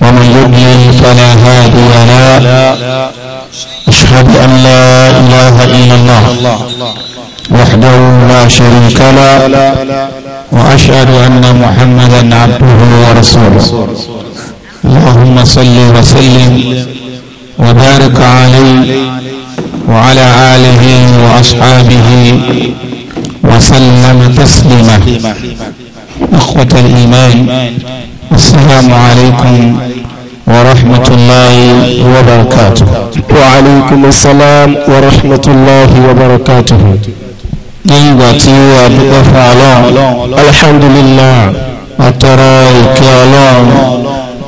ومن يضلل فلا هادي له أشهد أن لا إله إلا الله وحده لا شريك له وأشهد أن محمدا عبده ورسوله اللهم صل وسلم وبارك عليه وعلى آله وأصحابه وسلم تسليما أخوة الإيمان السلام عليكم ورحمة الله وبركاته وعليكم السلام ورحمة الله وبركاته نيواتي وابقى الحمد لله أترى الكلام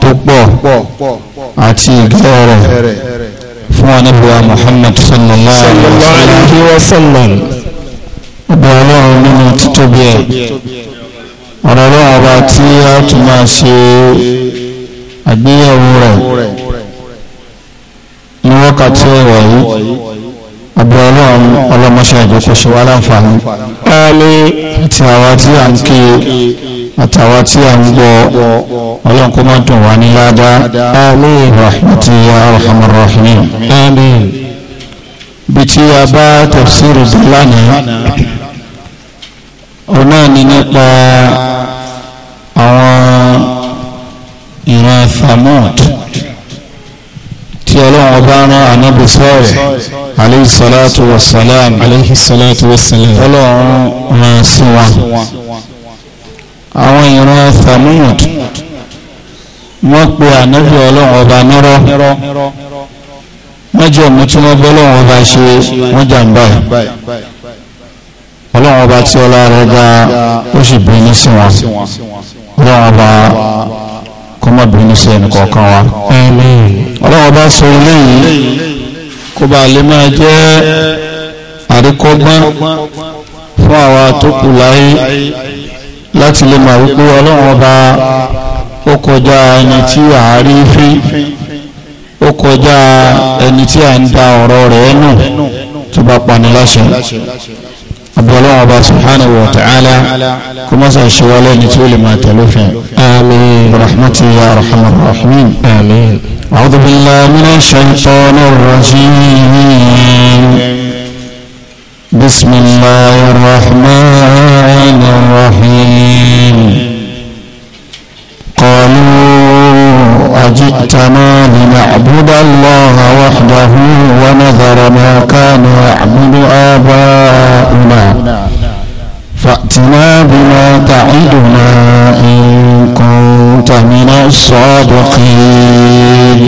تقوى أتي غيره فوان أبو محمد صلى الله عليه وسلم أبو الله من تتبعه ọ̀rọ̀ ọlọ́run ọba tí a tún máa ṣe àgbéyẹ̀wò rẹ̀ ní wákàtí ọ̀rọ̀ yìí ọbẹ̀ ọlọ́run ọlọ́mọṣẹ́ ìjọkọ̀ ṣe wá láǹfààní àti àwa tí a ń ké àtàwa tí a ń gbọ́ ọlọ́run kó má dùn wá ní ládàá àti arhamar rahimin bí tí a bá tafsir lánàá ọ̀nà ni nípa Thamud tí ọlọ́run ọba rán ànábì sọ́ọ̀rẹ̀ alayhi salatu wa salam alayhi salatu wa salam ọlọ́run rán sí wọn àwọn ìran Thamud wọ́n pe ànábì ọlọ́run ọba nírọ́ wọ́n jẹ́ òmù tí wọ́n bọ́ ọlọ́run ọba ṣe wọ́n jàǹbá ẹ̀ ọlọ́run ọba tí ọlá rẹ̀ ga ó sì bínú sí wọn ọlọ́run ọba má bínú sí ẹnì kọ̀ọ̀kan wa. ọlọ́wọ́ bá sọ eléyìí kó bá lè máa jẹ́ àríkọ́gbọ́n fún àwa tó kù láyé láti lè máa wípé ọlọ́wọ́ bá ó kọjá ẹni tí à á rí fi ó kọjá ẹni tí à ń da ọ̀rọ̀ rẹ̀ nù tó bá pani láṣẹ. abdullahi ọba subhanahu wa ta'ala kó mọ́sá ìṣòwálẹ̀ ní tí ó lè máa tẹ̀lé fẹ́ amin rahmatu ya rahman rahim amin أعوذ بالله من الشيطان الرجيم بسم الله الرحمن الرحيم قالوا جئتنا لنعبد الله وحده ونذر ما كان يعبد آباؤنا فأتنا بما تعدنا إن كنت من الصادقين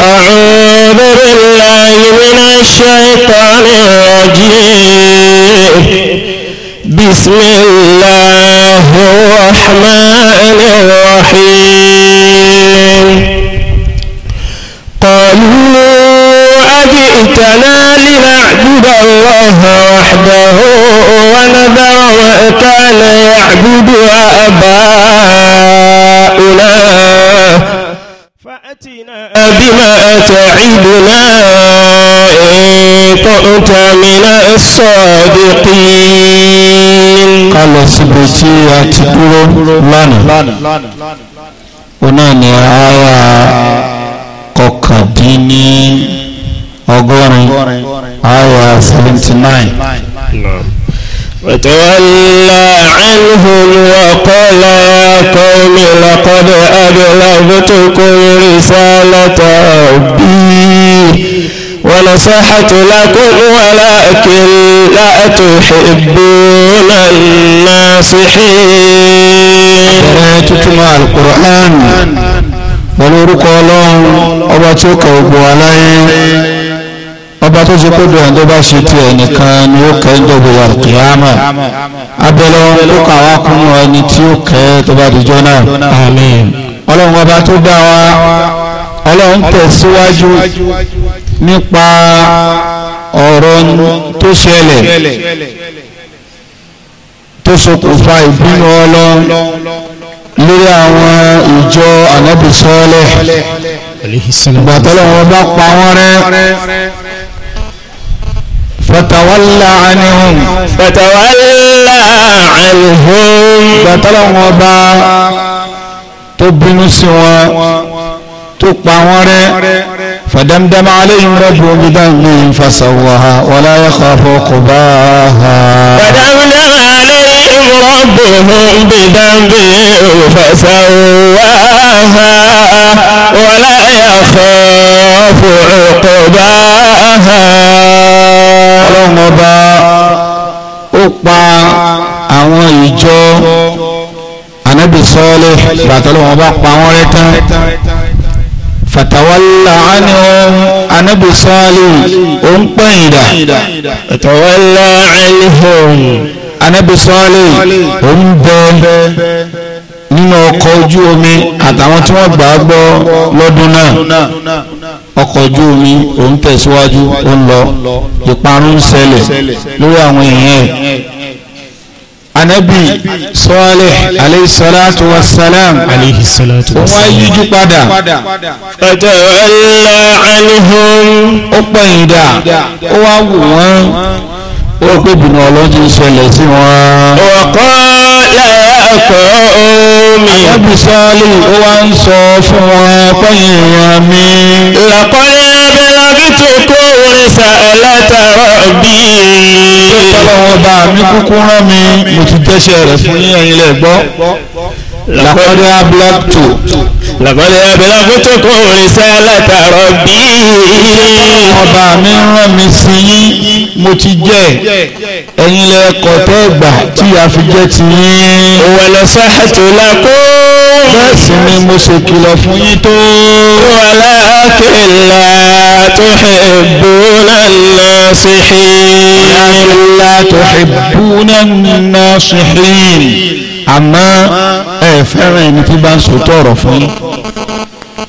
أعوذ بالله من الشيطان الرجيم بسم الله الرحمن الرحيم قالوا أجئتنا لنعبد الله وحده ونذر ما كان يعبد آباؤنا فأتنا بما تعدنا إن كنت من الصادقين قال سبحانه وتعالى lánàá ọ̀nà ni àyà kọkàndínní ọgọ́rin àyà 79 وتولى عنهم وقال يا قوم لقد أبلغتكم رسالة ربي ونصحت لكم ولكن لا تحبون الناصحين bẹ̀rẹ̀ tuntun alukur'an pẹ̀lú orúkọ ọlọ́run ọba tí ó kẹ́ ogun aláyé ọba tó ṣe kódò ẹ̀ tó bá ṣe ti ẹnìkan ni ó kẹ́ ń dọ̀bọ̀ yàrá kìámà abẹ́lẹ́ wọn kó kà wá kún ẹni tí ó kẹ́ tó bá dijọ́ náà ọlọ́run ọba tó dá wa ọlọ́run tẹ̀síwájú nípa ọ̀rọ̀ tó ṣẹlẹ̀ tó ṣokùnfà ìbínú ọlọ́run lórí àwọn ìjọ ànábì sọ́ọ́lẹ̀ ìgbà tọ́lọ́wọ́ bá pa wọ́n rẹ́ fatawalla anihum fatawalla anihum ìgbà tọ́lọ́wọ́ bá tó bínú sí wọn tó pa wọ́n rẹ́ فدمدم عليهم ربهم بذنبهم فسواها ولا يخاف عقباها فدمدم عليهم ربهم بذنبهم فسواها ولا يخاف عقباها ọlọ́run ọba ó pa àwọn ìjọ ànábì sọ́ọ́lẹ̀ ìbàtọ́lọ́run ọba pa wọ́n rẹ́ tán fatawalla anhum ànábì sọ́ọ́lẹ̀ ó ń pẹ̀yìndà fatawalla anhum anabi sọ́ọ́lẹ̀ ò ń bẹ nínú ọkọ̀ ojú omi àtàwọn tí wọ́n gbà á gbọ́ lọ́dún náà ọkọ̀ ojú omi ò ń tẹ̀síwájú ó ń lọ ìparun ń ṣẹlẹ̀ lórí àwọn èèyàn ẹ̀ anabi sọ́ọ́lẹ̀ aleyhisalatu wasalam wọ́n yíjú padà fẹ́tẹ̀ ọ̀lá àníhùn ó pẹ̀yìndà ó wá wù wọ́n ó pé bìnà ọlọ́jì ń ṣẹlẹ̀ sí wọn. ọ̀kọ́ lẹ́ẹ̀kọ́ omi. àbábí sọ́ọ́lì ó wá ń sọ fún wọn pẹ́yìn èèyàn mi. làkọ́lé abẹ́lágìtì kó orin sa ẹlẹ́tàrọ̀ bí. tó tọ́lọ́wọ́ bá mi kúkú rán mi mo ti dẹ́ṣẹ̀ rẹ̀ fún yín ẹ̀yin lẹ́gbọ́. لقد أبلغت لقد أبلغتكم رسالة ربي ọba mi rán mi sí yín mo ti jẹ́ ẹ̀yin lẹ kọ̀tẹ́ ìgbà tí a fi jẹ́ ti yín. òwẹ̀lẹ̀ sáàtò lákó. bẹ́ẹ̀ sì ni mo ṣe kìlọ̀ fún yín tó. wàlákìlá tó ṣèbú náà lọ sí i. wàlákìlá tó ṣèbú náà lọ sí i àmọ́ ẹ fẹ́ràn ẹni tí bá ń sòótọ́ ọ̀rọ̀ fún yín.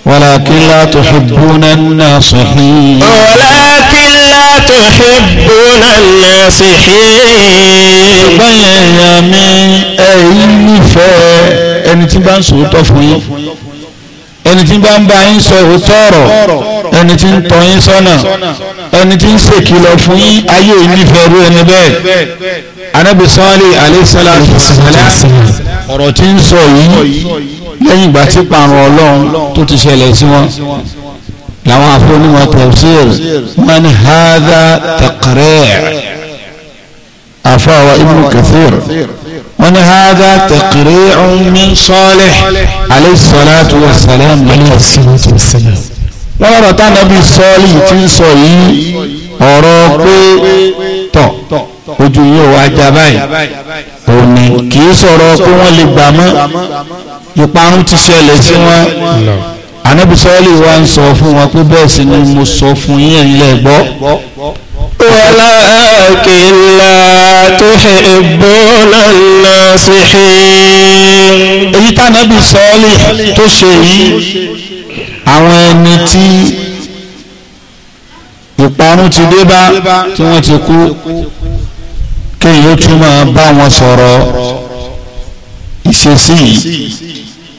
ولكن لا تحبون الناصحين ولكن لا تحبون الناصحين ṣùgbọ́n ẹ̀yà mi ẹ̀yìn nífẹ̀ẹ́ ẹni tí bá ń sòótọ́ fún yín ẹni tí bá ń bá yín sọ òótọ́ ọ̀rọ̀ ẹni tí ń tọ́ yín sọ́nà ẹni tí ń ṣèkìlọ̀ fún yín ayé ìnífẹ̀ẹ́rú ẹni bẹ́ẹ̀ anábì sọ́ọ́lì aleyhisselatu ọ̀rọ̀ tí ń sọ yìí lẹ́yìn ìgbà tí parun ọlọ́run tó ti ṣẹlẹ̀ sí wọn làwọn afọ́nímọ̀ tafsir wọn ni hadha taqrir àfọwọ́ ibnu kathir wọ́n ní hádá taqri'un min Salih alayhi salatu wa salam wọ́n lọ́rọ̀ tánàbí Salih tí ń sọ yìí ọ̀rọ̀ pé tọ̀ ojú yóò wá já báyìí òní kì í sọ̀rọ̀ pé wọ́n lè gbà mọ́ ìparun ti ṣẹlẹ̀ sí wọn Ànábì Salih wa ń sọ fún wọn pé bẹ́ẹ̀ sì ni mo sọ fún yín ẹ̀yin lẹ́gbọ́ ولكن لا تحبون الناصحين èyí tá nàbì sọ́ọ́lì tó ṣe yìí àwọn ẹni tí ìparun ti dé bá tí wọ́n ti kú kéèyàn tún máa bá wọn sọ̀rọ̀ ìṣesí yìí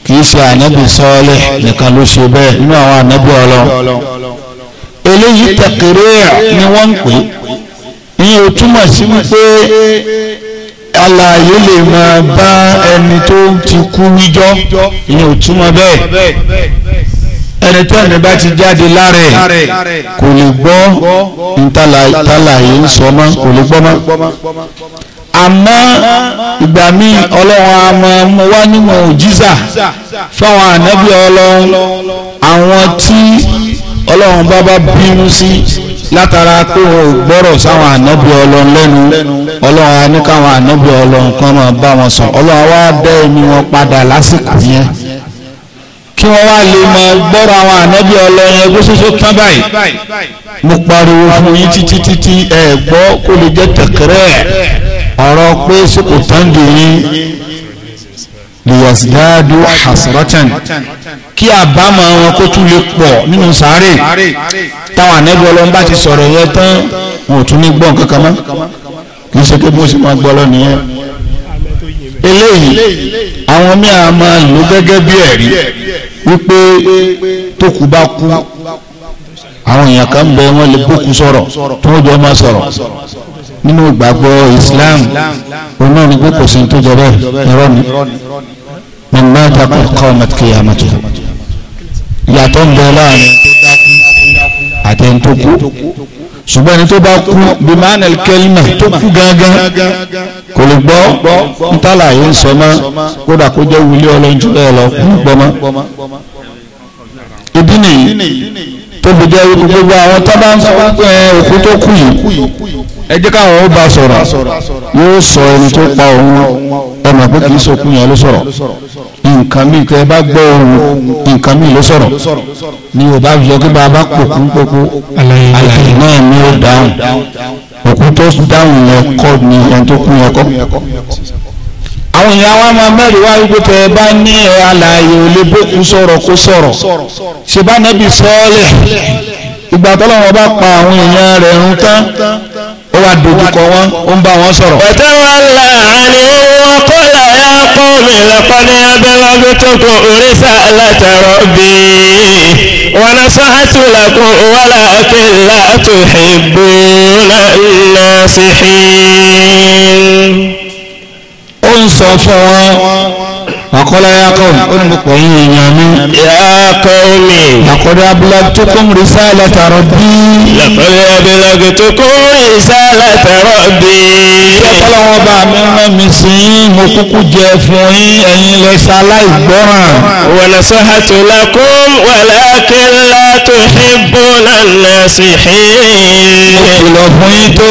kì í ṣe ànábì sọ́ọ́lì nìkan ló ṣe bẹ́ẹ̀ nínú àwọn ànábì ọlọ́run eléyìí tẹ̀kẹ̀rẹ́ ni wọ́n ń pè é ìyẹn ò túmọ̀ sí wípé alààyè lè máa bá ẹni tó ti kú níjọ́ ìyẹn ò túmọ̀ bẹ́ẹ̀ ẹni tó ẹni bá ti jáde lára ẹ̀ kò lè gbọ́ ntàlàyé ń sọ mọ́ kò lè gbọ́ mọ́ àmọ́ ìgbà míì ọlọ́run a máa wá nímọ̀ òjíṣà fáwọn ànábì ọlọ́run àwọn tí ọlọ́run bá bá bínú sí látara pé wọn ò gbọ́rọ̀ sáwọn ànábì ọlọ́run lẹ́nu ọlọ́run á ní káwọn ànábì ọlọ́run kan máa bá wọn sọ ọlọ́run wá dá ẹ̀mí wọn padà lásìkò yẹn kí wọ́n wá lè mọ gbọ́rọ̀ àwọn ànábì ọlọ́run ẹgbẹ́ ṣoṣo tán báyìí mo pariwo fún yín títí títí ẹ̀ gbọ́ kó lè jẹ́ tẹ̀kẹ́rẹ́ ọ̀rọ̀ pé sókò tán yín lèyàsídáàdù hasratan kí àbámọ̀ wọn kó tún lè pọ̀ nínú sáré táwọn ànẹ́bí ọlọ́run bá ti sọ̀rọ̀ yẹn tán wọn ò tún ní gbọ́n kankan mọ́ kì í ṣe pé bó ṣe máa gbọ́ lọ nìyẹn eléyìí àwọn míì máa lò gẹ́gẹ́ bí ẹ̀rí wípé tókù bá kú àwọn èèyàn kan bẹ wọn lè bókù sọ̀rọ̀ tó ń jọ máa sọ̀rọ̀ nínú ìgbàgbọ́ Islam òun náà ni pé kò sí ní tó jẹ bẹ́ẹ̀ irọ́ ni mọ̀ náà dàpọ̀ kọ́ ọmọdékè àmàtò yàtọ̀ ń bẹ láàrin àtẹni tó kú ṣùgbọ́n ẹni tó bá kú bí manel kelma tó kú gángan kò lè gbọ́ ntàlà yìí ń sọ mọ́ kódà kó jẹ́ wuli ọlọ́njú bẹ́ẹ̀ lọ kó gbọ́ mọ́. ìdí nìyí tóbi jẹ́ gbogbo àwọn tó bá ń sọ pé òkú tó kú yìí ẹ jẹ́ káwọn ó bá sọ̀rọ̀ yóò sọ ẹni tó pa òun ọmọ pé kì í sọkún yẹn ló sọ̀rọ̀ nǹkan mi tẹ́ bá gbọ́ ohun nǹkan mi ló sọ̀rọ̀ ni ò bá yọ kí bá a bá pòkú pòkú àlàyé náà ni ó dáhùn òkú tó dáhùn yẹn kọ́ ni ẹni tó kún yẹn kọ́ àwọn èèyàn wa máa mẹ́rin wá wípé tẹ ẹ bá ní ẹ alààyè ò lè bókun sọ̀rọ̀ kó sọ̀rọ̀ ṣe bá nẹ́bí sọ́ọ́lẹ̀ ìgbà tọ́lọ́wọ́n bá pa àwọn èèyàn rẹ̀ ń tán wá dojúkọ wọn ó ń bá wọn sọ̀rọ̀. ọ̀tẹ́ wọn là ní wọn kọ́ là yá kọ́ mi lọ́kọ́ ní abẹ́lọ́gbé tó kún oríṣà látàrọ̀ bí wọn sọ àtúlẹ̀kùn wọlé akínlá tó hìbò náà sí hìn. ó ń sọ fún wọn àkọ́lá yà kọ́m ó ní pọ̀ yín èèyàn mi. yà kọ́m mi. àkọ́dá abúlágtókùn rìsálà tààrọ̀ bí. làkọ́lá abúlágtókùn rìsálà tààrọ̀ bí. sọ́kọ́lá wọn bá mi rán mi sí i mo kúkú jẹ fún yín ẹ̀yin lẹ ṣaláì gbọ́ràn. wala sahatu lakum walakin la tuhibbuna an-nasihin. mo kìlọ̀ fún yín tó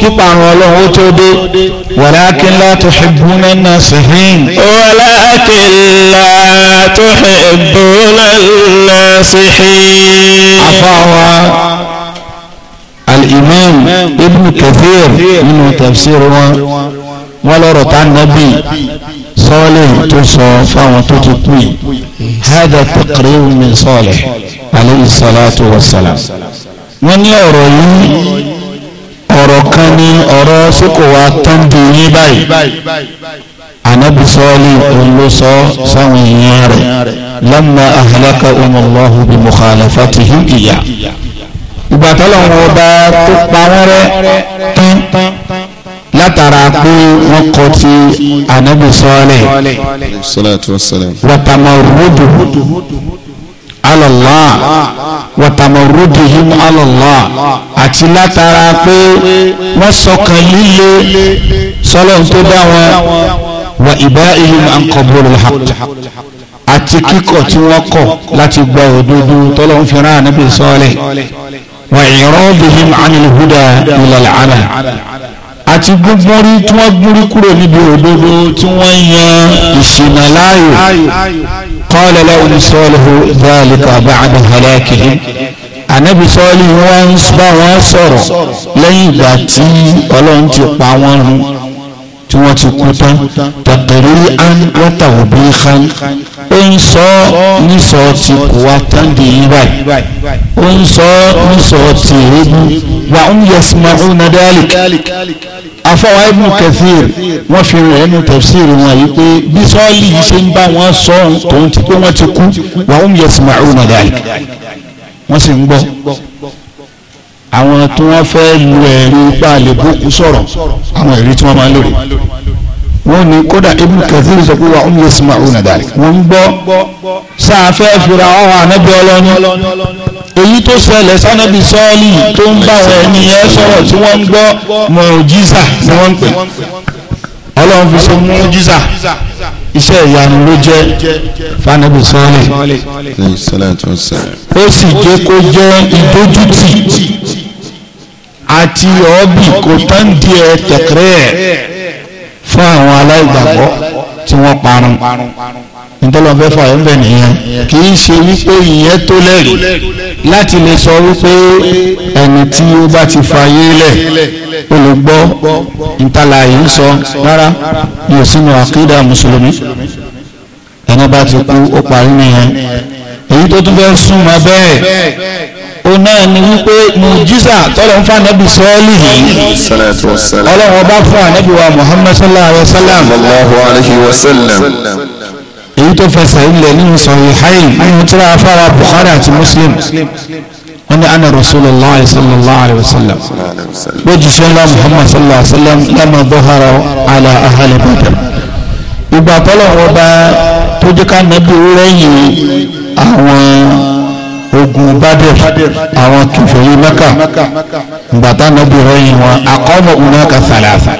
kípa àwọn ọlọ́run ó tó dé. walakin la tuhibbuna an-nasihin. walakin la tuhibbuna an-nasihin. àfàwà al-imam ibn kathir nínú tafsir wọn wọn lọ́rọ̀ tá nàbì sọ́ọ̀lẹ̀ tó sọ fáwọn tó ti kú yìí hada taqrir min Salih alayhi salatu wa salam wọ́n ní ọ̀rọ̀ yìí ọ̀rọ̀ sí kò wá tán di yín báyìí anabi sọ́ọ́lì olùsọ sáwọn èèyàn rẹ̀ lamma ahlaka umullahu bi mukhalafatihi iya ìgbà tọ́lọ́wọ́n ọba tó pa wọ́n rẹ́ tán látara pé wọ́n kọ ti anabi sọ́ọ́lì wàtàmọ̀ rúdù wàtàmọ̀rúdìhìn alọ́lá àti látara pé wọ́n sọkàn líle sọ́lọ́ tó dá wọn wà ìbá ìhìn àǹkọ̀bọ̀lù àti kíkọ̀ tí wọ́n kọ̀ láti gba òdodo tọ́lọ́ ń fi rán ànábì sọ́ọ̀lẹ̀ wà ìrọ́bìhìn ànilhúdà ìlàlànà àti gbogbo rí tí wọ́n gbúrí kúrò níbi òdodo tí wọ́n yan ìṣìnà láàyò قال lahum Salihu ذلك بعد halakihim ànábì Salihu wọ́n bá wọn sọ̀rọ̀ lẹ́yìn ìgbà tí ọlọ́run ti pa wọ́n run tí wọ́n ti kú tán tàkìrí án látàwọ̀ bí ó ń sọ nísọ ti kò wá táǹdì yìí báyìí ó ń sọ nísọ ti èébú wà ń yẹ sinmi ọ̀hún náà dálì afọwọ́ ibùn kẹfìr wọ́n fi rẹ̀ ẹnu tafsir wọn yìí pé bí sọ́ọ̀lì yìí ṣe ń bá wọn sọ tòun ti pé wọ́n ti kú wa hum yasma'una dhalik wọ́n sì ń gbọ́ àwọn tí wọ́n fẹ́ lu ẹ̀rí ipa àlebókù sọ̀rọ̀ àwọn ẹ̀rí tí wọ́n máa ń lòrè wọ́n ní kódà ibùn kẹfìr sọ pé wa hum yasma'una dhalik wọ́n ń gbọ́ sáà fẹ́ fira ọ̀hún ànábì èyí tó ṣẹlẹ̀ sanabi sọ́ọ̀lì tó ń bá wọn ẹni yẹn sọ̀rọ̀ tí wọ́n ń gbọ́ mọ̀jísà ni wọ́n ń pè ọlọ́run fi so mọ̀jísà iṣẹ́ ìyanu ló jẹ́ fanabi sọ́ọ̀lì ó sì jẹ́ kó jẹ́ ìdójútì àti ọ̀ọ́bì kò tán díẹ̀ tẹ̀kẹ́rẹ́ ẹ̀ fún àwọn aláìgbàgbọ́ tí wọ́n parun nítorí wọn fẹ́ fà ẹ́ ń nìyẹn kì í ṣe wípé ìyẹn tó lẹ́rìí láti lè sọ wípé ẹni tí ó bá ti fa ayé lẹ̀ ó lè gbọ́ ìtàlà yìí ń sọ rárá ní òsínú àkídà mùsùlùmí ẹni bá ti kú ó parí nìyẹn èyí tó tún fẹ́ súnmọ́ bẹ́ẹ̀ ó náà ni wípé mùjísà tọ́lọ̀ ń fa nẹ́bí sọ́ọ́lì yìí ọlọ́run ọba fún ànẹ́bí wa Muhammad sallallahu alayhi wa sallam èyí tó fẹsẹ̀ ilẹ̀ nínú Sahihayn nínú tíra afárá Bukhari àti Muslim wọ́n ní ana Rasulullah sallallahu alayhi wa sallam lójú sọ́lá Muhammad sallallahu alayhi wa sallam lama dhahara ala ahli Badr ìgbà tọ́lọ̀ wọn bá tó jẹ́ ká nàbí rẹ́yìn àwọn ogun Badr àwọn kìfẹ̀yìn Mẹ́kà ìgbà tá nàbí rẹ́yìn wọn aqama hunaka thalatha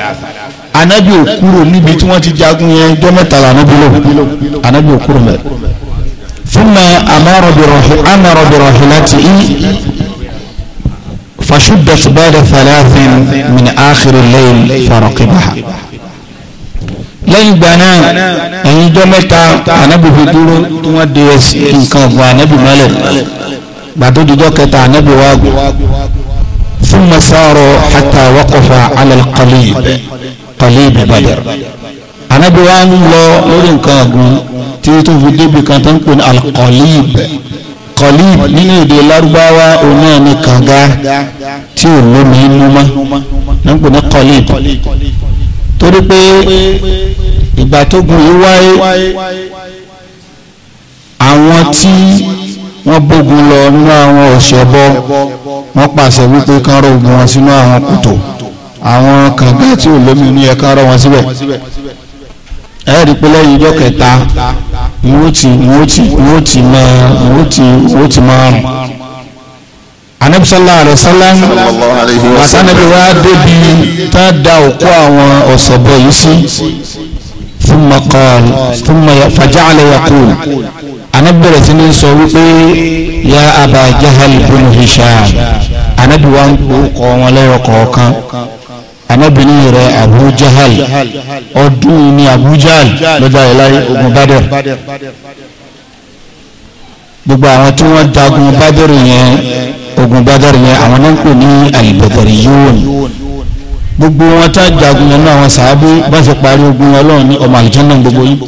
anabi ò kúrò níbi tí wọ́n ti jagun yẹn jọ́ mẹ́ta là anabi lò anabi ò kúrò mẹ́. fúnma amara bi rahilati fashuddat bada thalathin min akhir al-layl faraqibaha. lẹ́yìn ìgbà náà ẹ̀yin anabi fi dúró tí wọ́n de nǹkan ọ̀gbìn anabi mọ́lẹ̀ gbàdúdújọ́ kẹta anabi wá gùn. ثم ساروا حتى وقف على القليب tọ́lé ìbẹ̀bàdẹ̀rẹ̀ anabi wa ń lọ lórí nǹkan ọ̀gbìn tí ó tún fi débi kan tó ń pè ní alkọlíb kọlíb nínú èdè lárúbáwá oní ẹni kànga tí ò lómi inú mọ́ ní ń pè ní kọlíb torí pé ìgbà tó gun yìí wáyé àwọn tí wọ́n gbógun lọ nínú àwọn òṣèbọ wọ́n pàṣẹ wípé kán rọ sínú àwọn kòtò àwọn kànga tí ò lómi inú yẹ ká rọ wọn síbẹ̀ ẹ rí pé lẹ́yìn ọjọ́ kẹta wọ́n ti wọ́n ti wọ́n ti máa wọ́n ti wọ́n ti máa rùn anabi sallallahu alayhi wa sallam masanabi wa débi tá da òkú àwọn ọ̀sọ̀bọ̀ yìí sí fún makọ́ọ̀lù fún fàjáàlẹ̀ yakul anabi bẹ̀rẹ̀ sí ní sọ wípé ya aba jahal hisham anabi wa ń kó kọ́ wọn lẹ́yọ kọ̀ọ̀kan anábìnrin rẹ̀ Abu Jahal ọdún ní Abu Jahal lọ́jà ìláyé ogun Badr gbogbo àwọn tí wọ́n jagun Badr yẹn ogun Badr yẹn àwọn náà ń pè ní al-Badriyun gbogbo wọn tá jagun yẹn náà àwọn sàábé bá ṣe parí ogun yẹn lọ́wọ́ ní ọmọ àlùjànnà gbogbo yín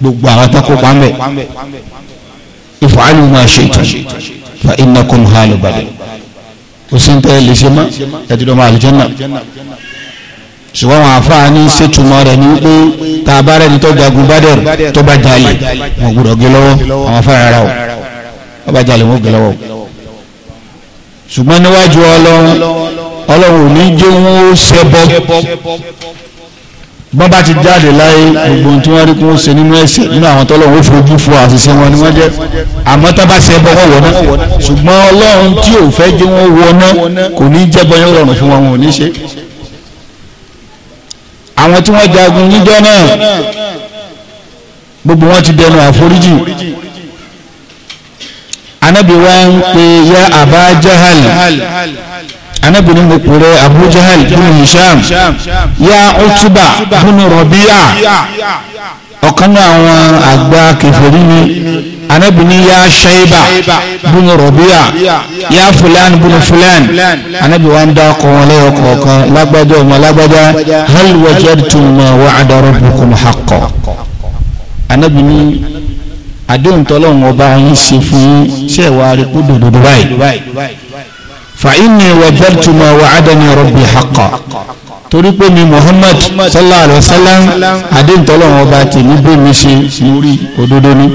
gbogbo àwọn tó kópa ń bẹ̀ if'alu ma shi'tum fa innakum ahlu Badr kò sí ní tẹ́ lè ṣe mọ́ ẹ̀dínlọ́ máa àlùjànnà ṣùgbọ́n àwọn afáàní ṣètùmọ̀ rẹ̀ ní wípé tá a bá rẹ̀ ní tó jagun Badr tó bá jalè wọn gbúdọ̀ gé lọ́wọ́ àwọn afáàní ara o tó bá jalè wọn gé lọ́wọ́ ṣùgbọ́n níwájú ọlọ́run ọlọ́run ò ní jẹ́ wọn ó ṣẹbọ bọ́n bá ti jáde láyé gbogbo tí wọ́n rí kún ṣe nínú ẹ̀ṣẹ̀ nínú àwọn tọ́lọ́run ó fojú fo àṣìṣe wọn ni wọ́n jẹ́ àmọ́ tá bá ṣe ẹbọ wọn wọná ṣùgbọ́n ọlọ́run tí ò fẹ́ jẹ́ wọn wọná kò ní jẹ́bọ yẹn rọrùn fún wọn wọn ò ní ṣe. àwọn tí wọ́n jagun níjọ́ náà gbogbo wọn ti dẹnu àforíjì anábìwá ń pe yá àbá anabi ni mo pèrè Abu Jahal bin Hisham ya Utba bin Rabi'a ọ̀kan náà àwọn àgbà kẹfẹ́rí ni anabi ni ya Shayba bin Rabi'a ya fulan bin fulan anabi wa ń dá ọkọ wọn lẹ́yọ kọ̀ọ̀kan lágbájá ọmọ lágbájá hal wajadtum ma wa'ada rabbukum haqqan anabi ni àdéhùn tọ́lọ́wọ́n ọba yín ṣe fún ṣẹ́wàá rí kú dòdòdó fa inni wajadtu ma wa'adani rabbi haqqan torí pé mi muhammad sallallahu alayhi wa sallam adéǹtọ́lọ́wọ́n ọba tèmi bó mi ṣe múrí òdodo ni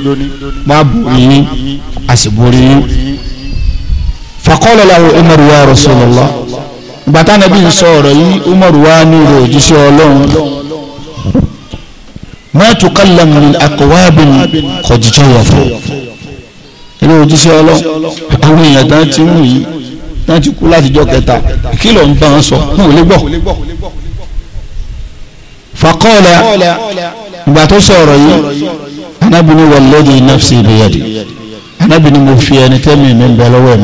má borí yín a sì borí yín. faqala lahu umar wa rasulullah bàtà nàbí ń yìí umar wa ní ìrò òjíṣẹ́ ọlọ́run ma tukallamu min aqwabin qad jawafu òjíṣẹ́ ọlọ́run àwọn èèyàn dá ti ń wù yìí náà ti kú látijọ́ kẹta kí ló ń bá wọn sọ wọn ò lè gbọ́. faqala ìgbà tó sọ̀rọ̀ yìí Ànábì ní walladhi nafsi biyadi Ànábì ní mo fi ẹni tẹ́mi mi bẹ lọ́wọ́ ẹ̀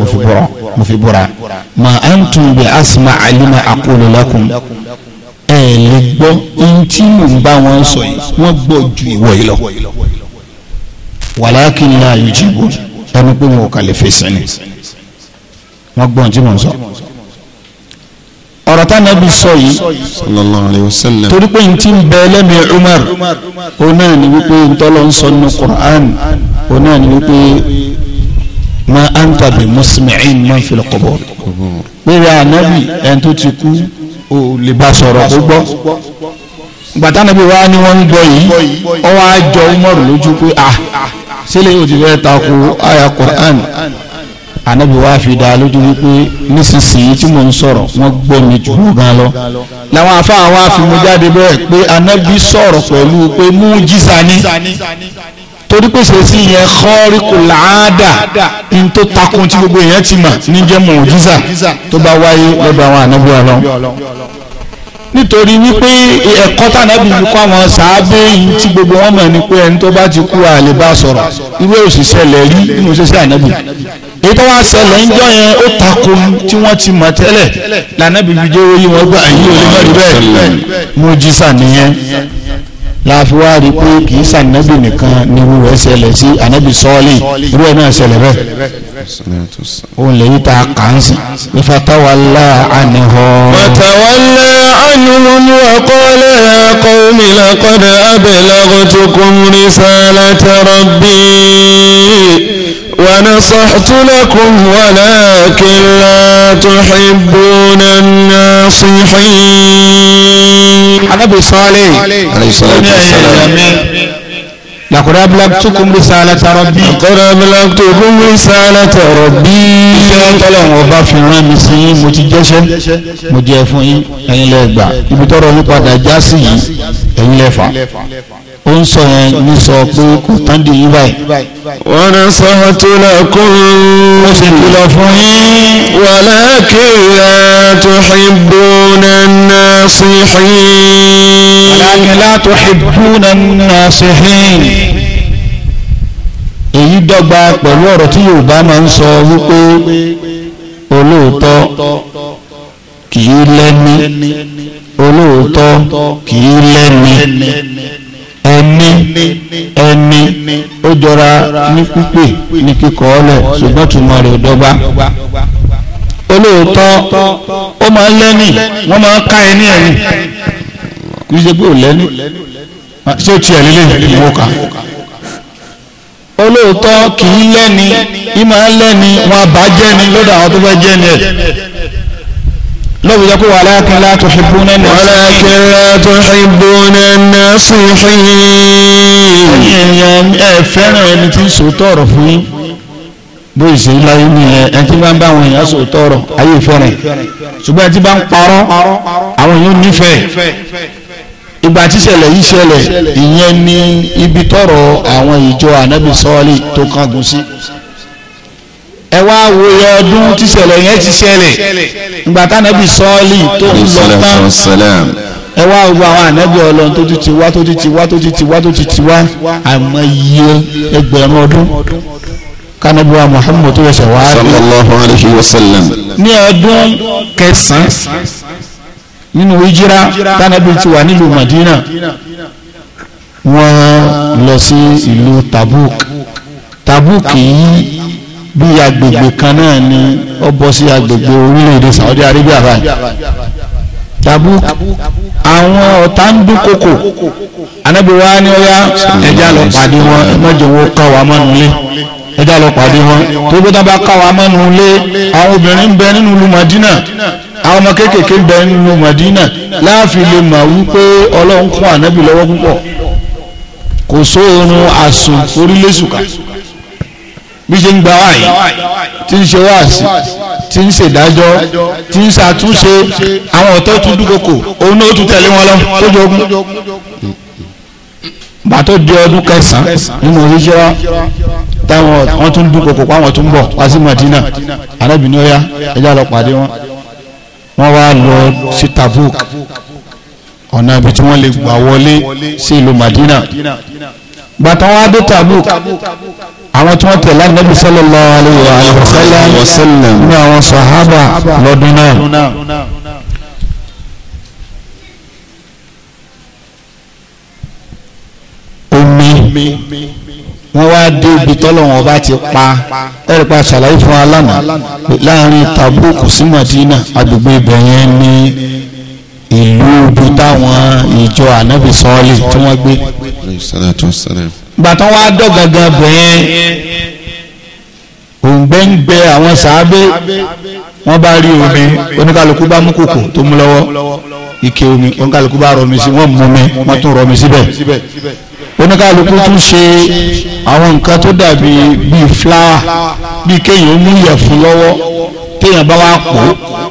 mo fi búra ma antum bi asma'a lima aqulu lakum ẹ̀ lè gbọ́ ohun mò ń bá wọn sọ yìí wọ́n gbọ́ ju ìwọ yìí lọ walakin la yujibu ẹni pé wọn ò kà lè fèsì ni wọ́n gbọ́n tí mò ń sọ ọ̀rọ̀ táwọn ẹbí sọ yìí sallallahu alayhi wa sallam torí pé n ti ń bẹ lẹ́mi Umar ó náà ní wípé n tọ́lọ́ ń sọ nínú Qur'an ó náà ní wípé ma anta bi musmi'in man fil qubur pèrè ànábì ẹni tó ti kú ó lè bá sọ̀rọ̀ kó gbọ́ gbàtánàbí wa ni wọ́n ń gbọ́ yìí ó wá jọ Umar lójú pé ah sílẹ̀ yóò ti fẹ́ ta ko aya Qur'an anabi wa fi dá lójú wípé nísinsìnyí tí mò ń sọ̀rọ̀ wọ́n gbọ́ mi jù mọ́ gan lọ làwọn afáà wa fi mú jáde bẹ́ẹ̀ pé anabi sọ̀rọ̀ pẹ̀lú pé mú jíza ní torí pé ṣèṣì yẹn kọ́rí kò láàdà ní tó takun tí gbogbo èèyàn ti mà níjẹ́ mú jíza tó bá wáyé lọ́dọ̀ àwọn anabi ọlọ́run nítorí wípé ẹ̀kọ́ tànàbí yìí kọ́ àwọn sàábé yìí tí gbogbo wọn mọ̀ ní pé ẹni tó bá ti kú àlè bá sọ̀rọ̀ irú òṣìṣẹ́ lẹ̀ rí nínú òṣìṣẹ́ ànábì èyí tó wá ṣẹlẹ̀ ń jọ yẹn ó takò tí wọ́n ti mọ̀ tẹ́lẹ̀ lànà bìbí jẹ́ oyè wọn gbà yí olè mọ́rí bẹ́ẹ̀ mú jísà nìyẹn láàfin wá rí i pé kì í sànàbì nìkan ni irú rẹ̀ ṣẹlẹ̀ sí ànábì sọ́ọ̀lì irú ẹ̀ náà ṣẹlẹ̀ bẹ́ẹ̀ òun lè yí kà ń sìn nífa tawàlá àníhọ́. wàtàwàlá عنهم وقال يا قوم لقد أبلغتكم رسالة ربي ونصحت لكم ولكن لا تحبون الناصحين anabi sọ́ọ́lẹ̀ lakọrọ abilakitukum risalata rabbi. lakọrọ abilakitukum risalata rabbi. iṣẹ́ tọ́lọ̀ wọn bá fi rán mi sí yín mo ti jẹ́ṣẹ́ mo jẹ́ fún yín ẹ̀yin lẹ́gbàá ibi tọ́rọ̀ yín padà já sí yìí ẹ̀yin lẹ́fà ó ń sọ yẹn ní sọ pé kò tán di yí báyìí. wọ́n ní sọ́wọ́ tó lọ kó o sì kìlọ̀ fún yín. walakin la tuhibbuna an-nasihin. walakin la èyí dọ́gba pẹ̀lú ọ̀rọ̀ tí Yorùbá máa ń sọ wípé olóòótọ́ kì í lẹ́ni olóòótọ́ kì í lẹ́ni ẹni ẹni ó jọra ní pípé ní kíkọ ọlẹ ṣùgbọ́n túmọ̀ rẹ̀ dọ́gba olóòótọ́ ó máa ń lẹ́nì wọ́n máa ń ká ẹni ẹ̀yìn kì í ṣe pé ò lẹ́nì ṣé ó tiẹ̀ lélẹ̀ ìwọ kà olóòótọ́ kì í lẹ́ni ìmọ̀ lẹ́ni wọn àbájẹ́ni lọ́dọ̀ àwọn tó fẹ́ jẹ́ni ẹ̀ lọ́wọ́ jẹ́ ولكن لا تحبون ولكن لا تحبون sí ṣe látò ṣìbúnẹ́ náà sí ṣe ẹ̀yìn ẹ̀fẹ́ràn ẹni tí ń sòótọ́ ọ̀rọ̀ fún yín bó ìṣe láyé ní ẹni tí bá ń bá àwọn èèyàn sòótọ́ ọ̀rọ̀ ayé ìfẹ́ràn ṣùgbọ́n ẹni bá ń parọ́ àwọn èèyàn nífẹ̀ẹ́ ìgbà tí ṣẹlẹ̀ yìí ṣẹlẹ̀ ìyẹn ní ibi tọ̀rọ̀ àwọn ìjọ ànábì tó kángun sí ẹ wá wo iye ọdún tí ṣẹlẹ̀ yẹn ti ṣẹlẹ̀ ìgbà tánàbì sọ́ọ́lì tó ń lọ tán ẹ wá gbogbo àwọn ànábì ọlọ́run tó ti ti wá tó ti ti wá tó ti ti wá tó ti ti wá àmọ́ iye ẹgbẹ̀rún ọdún kanabu wa muhammadu tó yẹsẹ̀ wá. sallallahu alayhi wa sallam. ní ọdún kẹsàn-án nínú ìjírá tánàbì ti wà nílùú madina wọ́n lọ sí ìlú tabuk tabuk yìí bí agbègbè kan náà ni ó bọ́ sí agbègbè orílẹ̀-èdè Saudi Arabia báyìí tabu àwọn ọ̀tá ń dúnkokò anábì wa ni ó yá ẹja lọ pàdé wọn ẹmọ́jọ wo ká wa mọ́ nulẹ̀ ẹja lọ pàdé wọn tó bí dábàá ká wa mọ́ nulẹ̀ àwọn obìnrin ń bẹ nínú ìlú àwọn ọmọ kéékèèké ń bẹ nínú Madina láàfin lè mọ̀ wípé ọlọ́run kún ànábì púpọ̀ kò sóorun àsùn orílẹ̀-èsùkà bí ṣe ń gba wáyé tí ń ṣe wáàsí tí ń ṣèdájọ́ tí ń ṣàtúnṣe àwọn ọ̀tọ́ tún dúkokò òun náà ó tún tẹ̀lé wọn lọ tó jogún bàtó di ọdún kẹsàn-án nínú oríṣiríṣi táwọn wọn tún dúkokò páwọn tún bọ̀ wá sí Madina arábìnrin ọ̀yá ẹja lọ pàdé wọn wọn wá lọ sí Tabuk ọ̀nà ibi tí wọ́n lè gbà wọlé sí ìlú Madina bàtà wọn á dé Tabuk àwọn tí wọ́n tẹ̀lé ànábì sallallahu alaihi wa sallam ní àwọn sàhábà lọ́dún náà. omi wọ́n wá dé ibi tọ́lọ́wọ́n bá ti pa ẹ̀rì pa ṣàlàyé fún wa lánàá láàrin Tàbúkù sí Madina agbègbè ibẹ̀ yẹn ní ìlú ibi táwọn ìjọ ànábì tí wọ́n gbé gbàtàn wá dọ̀gàngàn bẹ̀yẹn òǹgbẹ́ǹgbẹ́ àwọn sàábé wọ́n bá rí omi oníkàlùkù bá mú kòkò tó mú lọ́wọ́ ike omi oníkàlùkù bá rọmi sí wọ́n mú mi wọ́n tún rọmi síbẹ̀ oníkàlùkù tún ṣe àwọn nǹkan tó dàbí bíi fúláwà bíi kéèyàn mú yẹ̀fun lọ́wọ́ téèyàn bá wá pò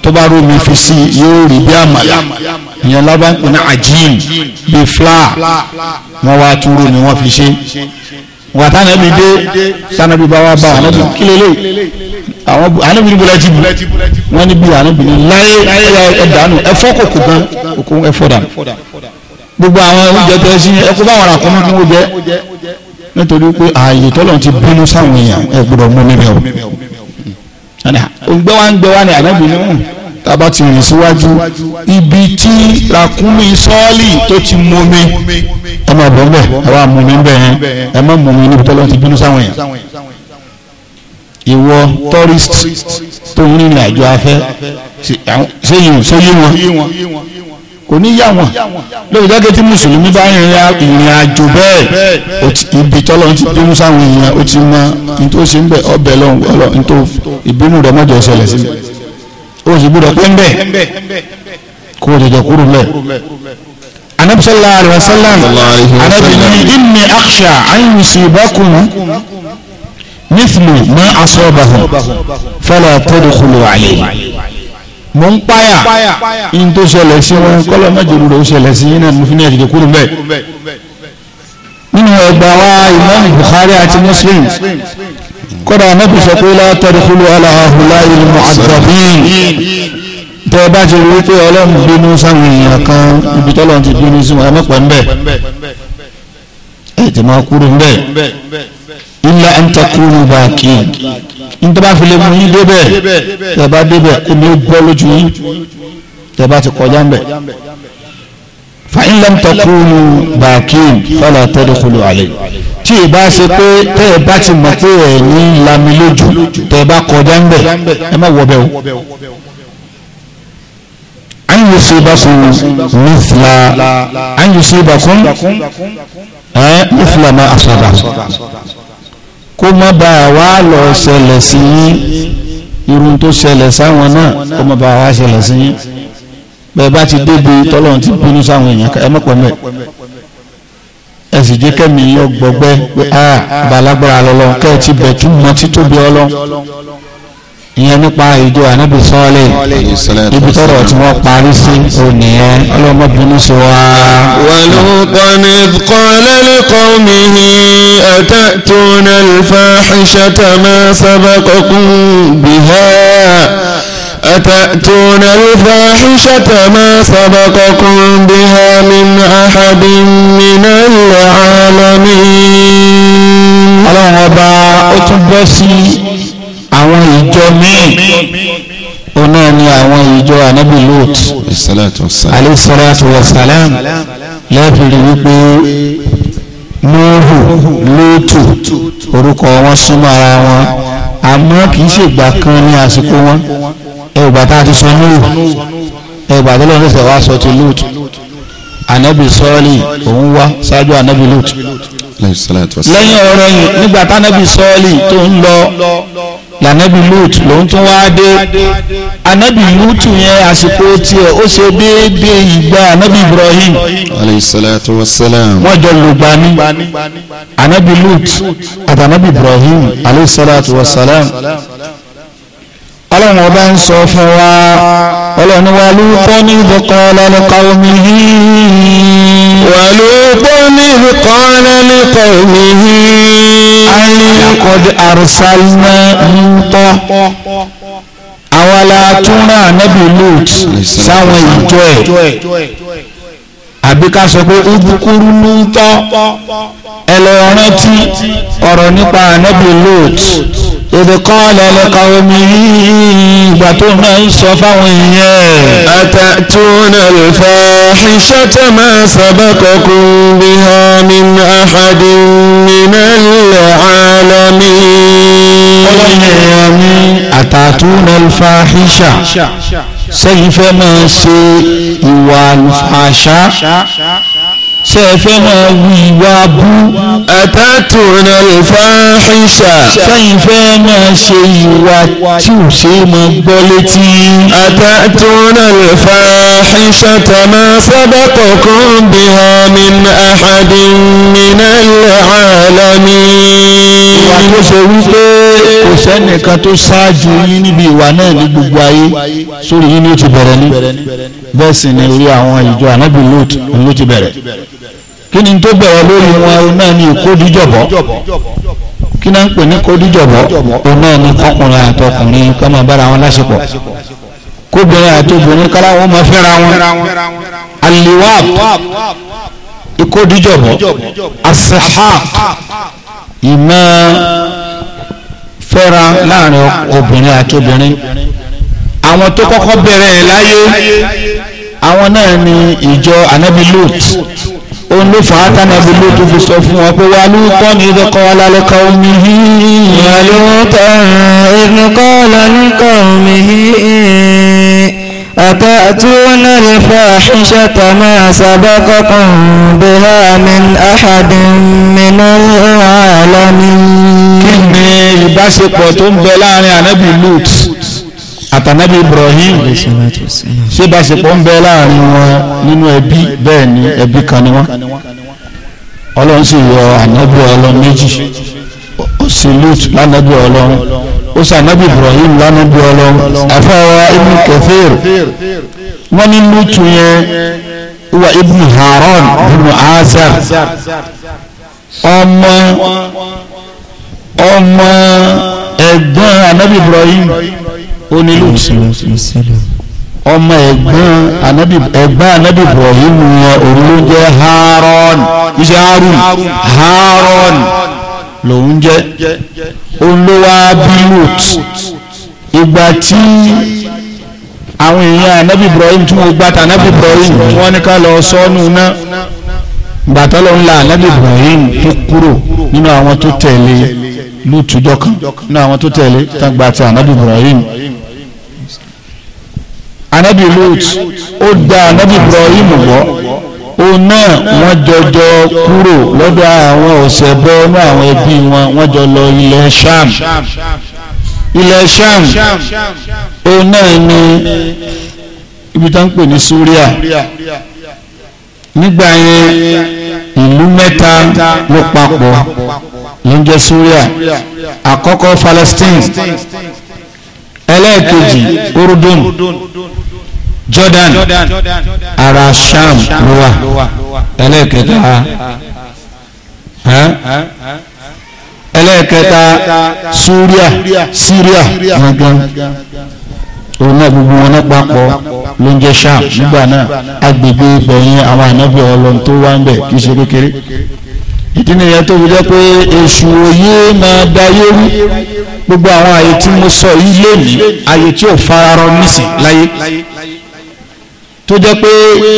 tó bá rómi fi sí yóò rí bí àmàlà ìyẹn lábá ń pè ní àjíìn bíi fúláà wọ́n wá túró ni wọ́n fi ṣe wà tánàbí dé tánàbí bá wá bá ànábì kílélé àwọn ànábì níbo lẹ́tì bù wọ́n ní bí ànábì ní láyé ẹ̀dánù ẹ̀fọ́ kòkò gan kòkò ẹ̀fọ́ dànù gbogbo àwọn oúnjẹ tẹ́ sí ẹ̀kọ́ báwọn ará kan mọ́ jẹ́ nítorí pé ààyè tọ́lọ́ ti bínú sáwọn èèyàn ẹ̀ gbọ́dọ̀ mú níbẹ̀ o òǹgbẹ́ wa ń gbẹ wá ní ànábì ní hù tába ti rìn síwájú ibi tí ràkúnmí sọ́ọ̀lì tó ti mú mi ẹ máa ẹ wá mú mi ẹ má mú níbi tọ́lọ́ ti bínú sáwọn yẹn ìwọ tourist tó ń rìnrìn àjò afẹ́ ṣé yìí wọn kò ní yà wọ́n lórí jákè tí mùsùlùmí bá ń rin ìrìn àjò bẹ́ẹ̀ ibi tọ́lọ́ ti bínú sáwọn èèyàn ó ti mọ ní tó ṣe ń bẹ̀ ọbẹ̀ lọ́wọ́ ní tó ìbínú rẹ̀ mọ́jọ ṣẹlẹ̀ sí ó sì gbúdọ̀ pé ń bẹ̀ kó o jẹjọ kúrò lẹ̀. anabi sallallahu alayhi wa sallam anabi ni inni akhsha an yusibakum mithlu ma asabahum fala tadkhulu alayhi mo ń páyà in tó ṣẹlẹ̀ sí wọn kọ́lọ̀ mẹ́jọ̀rù rẹ̀ ó ṣẹlẹ̀ sí yín náà mo fi ní ẹ̀jẹ̀ kúrò bẹ́ẹ̀. nínú ẹgbà wa Imam Bukhari àti Muslim kódà anábì sọ pé la tadkhulu ala ha'ula'i al-mu'azzabin tẹ́ ẹ bá ti rí pé ọlọ́run bínú sáwọn èèyàn kan ibi tọ́lọ́run ti bínú sí wọn ẹ mọ̀ pẹ́ ẹ̀ tẹ̀ máa kúrò ń illa an takunu bakin ní tó bá fi lè mú yín débẹ̀ tẹ̀ bá débẹ̀ omi ó gbọ́ lójú yín tẹ̀ bá ti kọjá ńbẹ̀ fa in lam takunu bakin fala tadkhulu alayhi tí ì bá ṣe pé tẹ́ ẹ ti mọ̀ pé ẹ̀ lami lójú tẹ́ ẹ bá kọjá ẹ má wọ̀ bẹ́ o an yusibakum mithla an yusibakum eh, mithla ma asaba kó má bá wa lọ ṣẹlẹ̀ sí yín irun tó ṣẹlẹ̀ sáwọn náà kó má bá wa ṣẹlẹ̀ sí yín bẹ́ẹ̀ bá ti débi tọ́lọ́run ti bínú sáwọn èèyàn ẹ mọ̀pọ̀ mẹ́ ẹ jẹ́ kẹ́mi yọ gbọgbẹ́ pé a ah, balagbara lọ́lọ́ kẹ́ ẹ ti bẹ̀ tún mọtí tóbi ọlọ́ ìyẹn nípa ìjọ ànábì sọ́ọ̀lẹ̀ ibi tọ́rọ̀ tí wọ́n parí sí ònìyẹn ọlọ́mọbìnrin sí wa. ولوطا إذ قال لقومه أتأتون الفاحشة ما سبقكم بها أتأتون الفاحشة ما سبقكم بها من أحد من العالمين. ọlọ́run ọba ó tún bọ́ sí àwọn ìjọ míì ọ̀nà ni àwọn ìjọ ànábì Lut alayhi salatu wa salam lẹ́ẹ̀fìrí wípé Nuhu Lutu orúkọ wọn súnmọ́ ara wọn àmọ́ kìí ṣègbà kan ní àsìkò wọn ẹgbà tá a ti sọ Nuhu ẹgbà tó lọ́nà ṣẹ̀wá sọ ti Lutu ànábì sọ́ọ̀lì òun wá ṣáájú ànábì Lutu lẹ́yìn ọ̀rọ̀ yìí nígbà tánábì sọ́ọ̀lì tó ń lọ lànàbí lut lòun tún wá dé ànàbí lut yẹn àsìkò tiẹ̀ ó ṣe déédéé ìgbà ànàbí ibrahim alayhi salatu wassalam wọ́n jọ lùgbà ní ànàbí lut àtànàbí ibrahim alayhi salatu wassalam ọlọ́run ọba ń sọ fún wa ọlọ́run wa ló kọ́ ní ìdọ́kọ́ lọ́lọ́kọ́ omi yìí wà ló kọ́ ní ìdọ́kọ́ lọ́lọ́kọ́ omi yìí alakọ̀dé arsalna ń tọ́ àwọn alátúnrà nẹ́bí lut sáwọn ìjọ ẹ̀ àbí ká sọ pé ìdúkúrú ló ń tọ́ ẹ lọ rántí ọ̀rọ̀ nípa nẹ́bí lut ìdíkọ́ọ̀lẹ̀ lẹ́ka omi ìgbà tó náà ń sọ fáwọn èèyàn ẹ̀. àtàtúnà lè fẹ́. الفاحشة ما سبقكم بها من أحد من العالمين أتاتون الفاحشة سيفما máa ṣe ìwà àlùfàṣà ṣe é àtàtùnà ìfáhìṣà sẹ́yìn fẹ́ máa ṣe ìwà tí ò ṣe máa gbọ́ létí àtàtùnà ìfáhìṣà tàmà sábàtọ̀ kan bí hàmì àhàdì mìíràn àlámì ìwà tó ṣe wípé kò sẹ́nìkan tó ṣáájú yín níbi ìwà náà ní gbogbo ayé sórí yín ni ó ti bẹ̀rẹ̀ ní bẹ́ẹ̀ sì ni orí àwọn ìjọ ànábì lóòtù ló ti bẹ̀rẹ̀ kí ni tó bẹ̀rẹ̀ lórí wọn iná ni ìkódíjọ̀bọ̀ kí náà ń pè ní kódíjọ̀bọ̀ iná ni kọkùnrin àtọkùnrin kọ́ máa bára wọn láṣepọ̀ kóbìnrin àtobìnrin kára wọn máa fẹ́ra wọn aliwap ìkódíjọ̀bọ̀ asahak ìmọ̀ fẹ́ra láàrin obìnrin àtobìnrin àwọn tó kọ́kọ́ bẹ̀rẹ̀ láyé àwọn náà ni ìjọ anabi lot òun ló fà á tánà bí ló tó fi sọ fún wọn pé wà ló tọ́ ní ìdọ́kọ̀ alálẹ́kọ̀ omi yìí. wà ló tọ́ ìdọ́kọ̀ alálẹ́kọ̀ omi yìí. أتأتون الفاحشة ما سبقكم بها من أحد من العالمين. kí ni ìbáṣepọ̀ tó ń bẹ láàrin ànábì Lut àtànábì Ibrahim ṣé ìbáṣepọ̀ ń bẹ láàrin wọn nínú ẹbí bẹ́ẹ̀ ni ẹbí kan ni wọn ọlọ́run sì yọ ànábì ọlọ́run méjì ó sì lùt lánàbì ọlọ́run ó sì ànábì Ibrahim lánàbì ọlọ́run àfẹ́wà Ibn Kathir wọ́n ní lùtù yẹn wà Ibn Haran Ibn Azar ọmọ ọmọ ẹ̀gbọ́n ànábì Ibrahim onílùtì ọmọ ẹ̀gbọ́n anabi ẹ̀gbọ́n anabi ibrahim yẹn òun ló haron iṣẹ harun haron lòun jẹ́ olówó abilut ìgbà tí àwọn èèyàn anabi ibrahim tí wọ́n gbà anabi ibrahim wọ́n ní ká lọ sọnù náà gbàtà ló ń anabi ibrahim tó kúrò nínú àwọn tó tẹ̀lé lùtùjọ́ kan nínú àwọn tó tẹ̀lé tá gbàtà anabi ibrahim anabi lut ó da anabi ibrahim gbọ́ òun náà wọ́n jọjọ kúrò lọ́dọ̀ àwọn ọ̀sẹ̀ bọ́ inú àwọn ẹbí wọn wọ́n jọ lọ ilẹ̀ sham ilẹ̀ sham òun náà ni ibi tá ń pè ní suria nígbà yẹn ìlú mẹ́ta ló papọ̀ ló ń jẹ́ suria àkọ́kọ́ Palestine ẹlẹ́ẹ̀kejì Urdun Jordan ara Sham ló wà ẹlẹ́ẹ̀kẹta ẹlẹ́ẹ̀kẹta Syria Syria gangan òun náà gbogbo wọn náà papọ̀ ló ń jẹ́ Sham nígbà náà agbègbè ibẹ̀yìn àwọn ànábì ọlọ́run tó wá ń bẹ̀ kì í ṣe kékeré ìdí nìyẹn tó fi jẹ́ pé èṣù òye máa dayé rú gbogbo àwọn àyè tí mo sọ yìí lé ní àyè tí ò fararọ nísìn láyé tó jẹ́ pé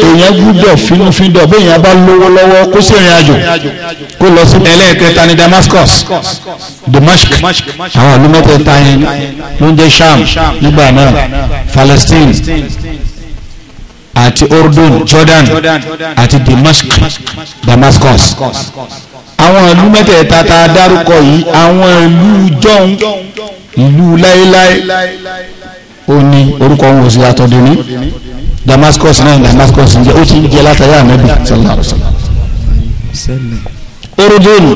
èèyàn gbúdọ̀ fínúfíndọ̀ bí èèyàn bá lówó lọ́wọ́ kó sí ìrìn àjò kó lọ sí ẹlẹ́ẹ̀kẹta ní Damascus Damascus àwọn ìlú mẹ́tẹ̀ẹ̀ta yẹn ló ń jẹ́ Sham nígbà náà Palestine àti Urdun Jordan àti Damask, Damascus àwọn ìlú mẹ́tẹ̀ẹ̀ta tá a dárúkọ yìí àwọn ìlú jọ̀hún ìlú láéláé ó orúkọ wọn ò sí àtọ̀dé Damascus náà Damascus ń jẹ ó ti ń jẹ látàrí ànábì sallallahu alaihi wasallam. orodoni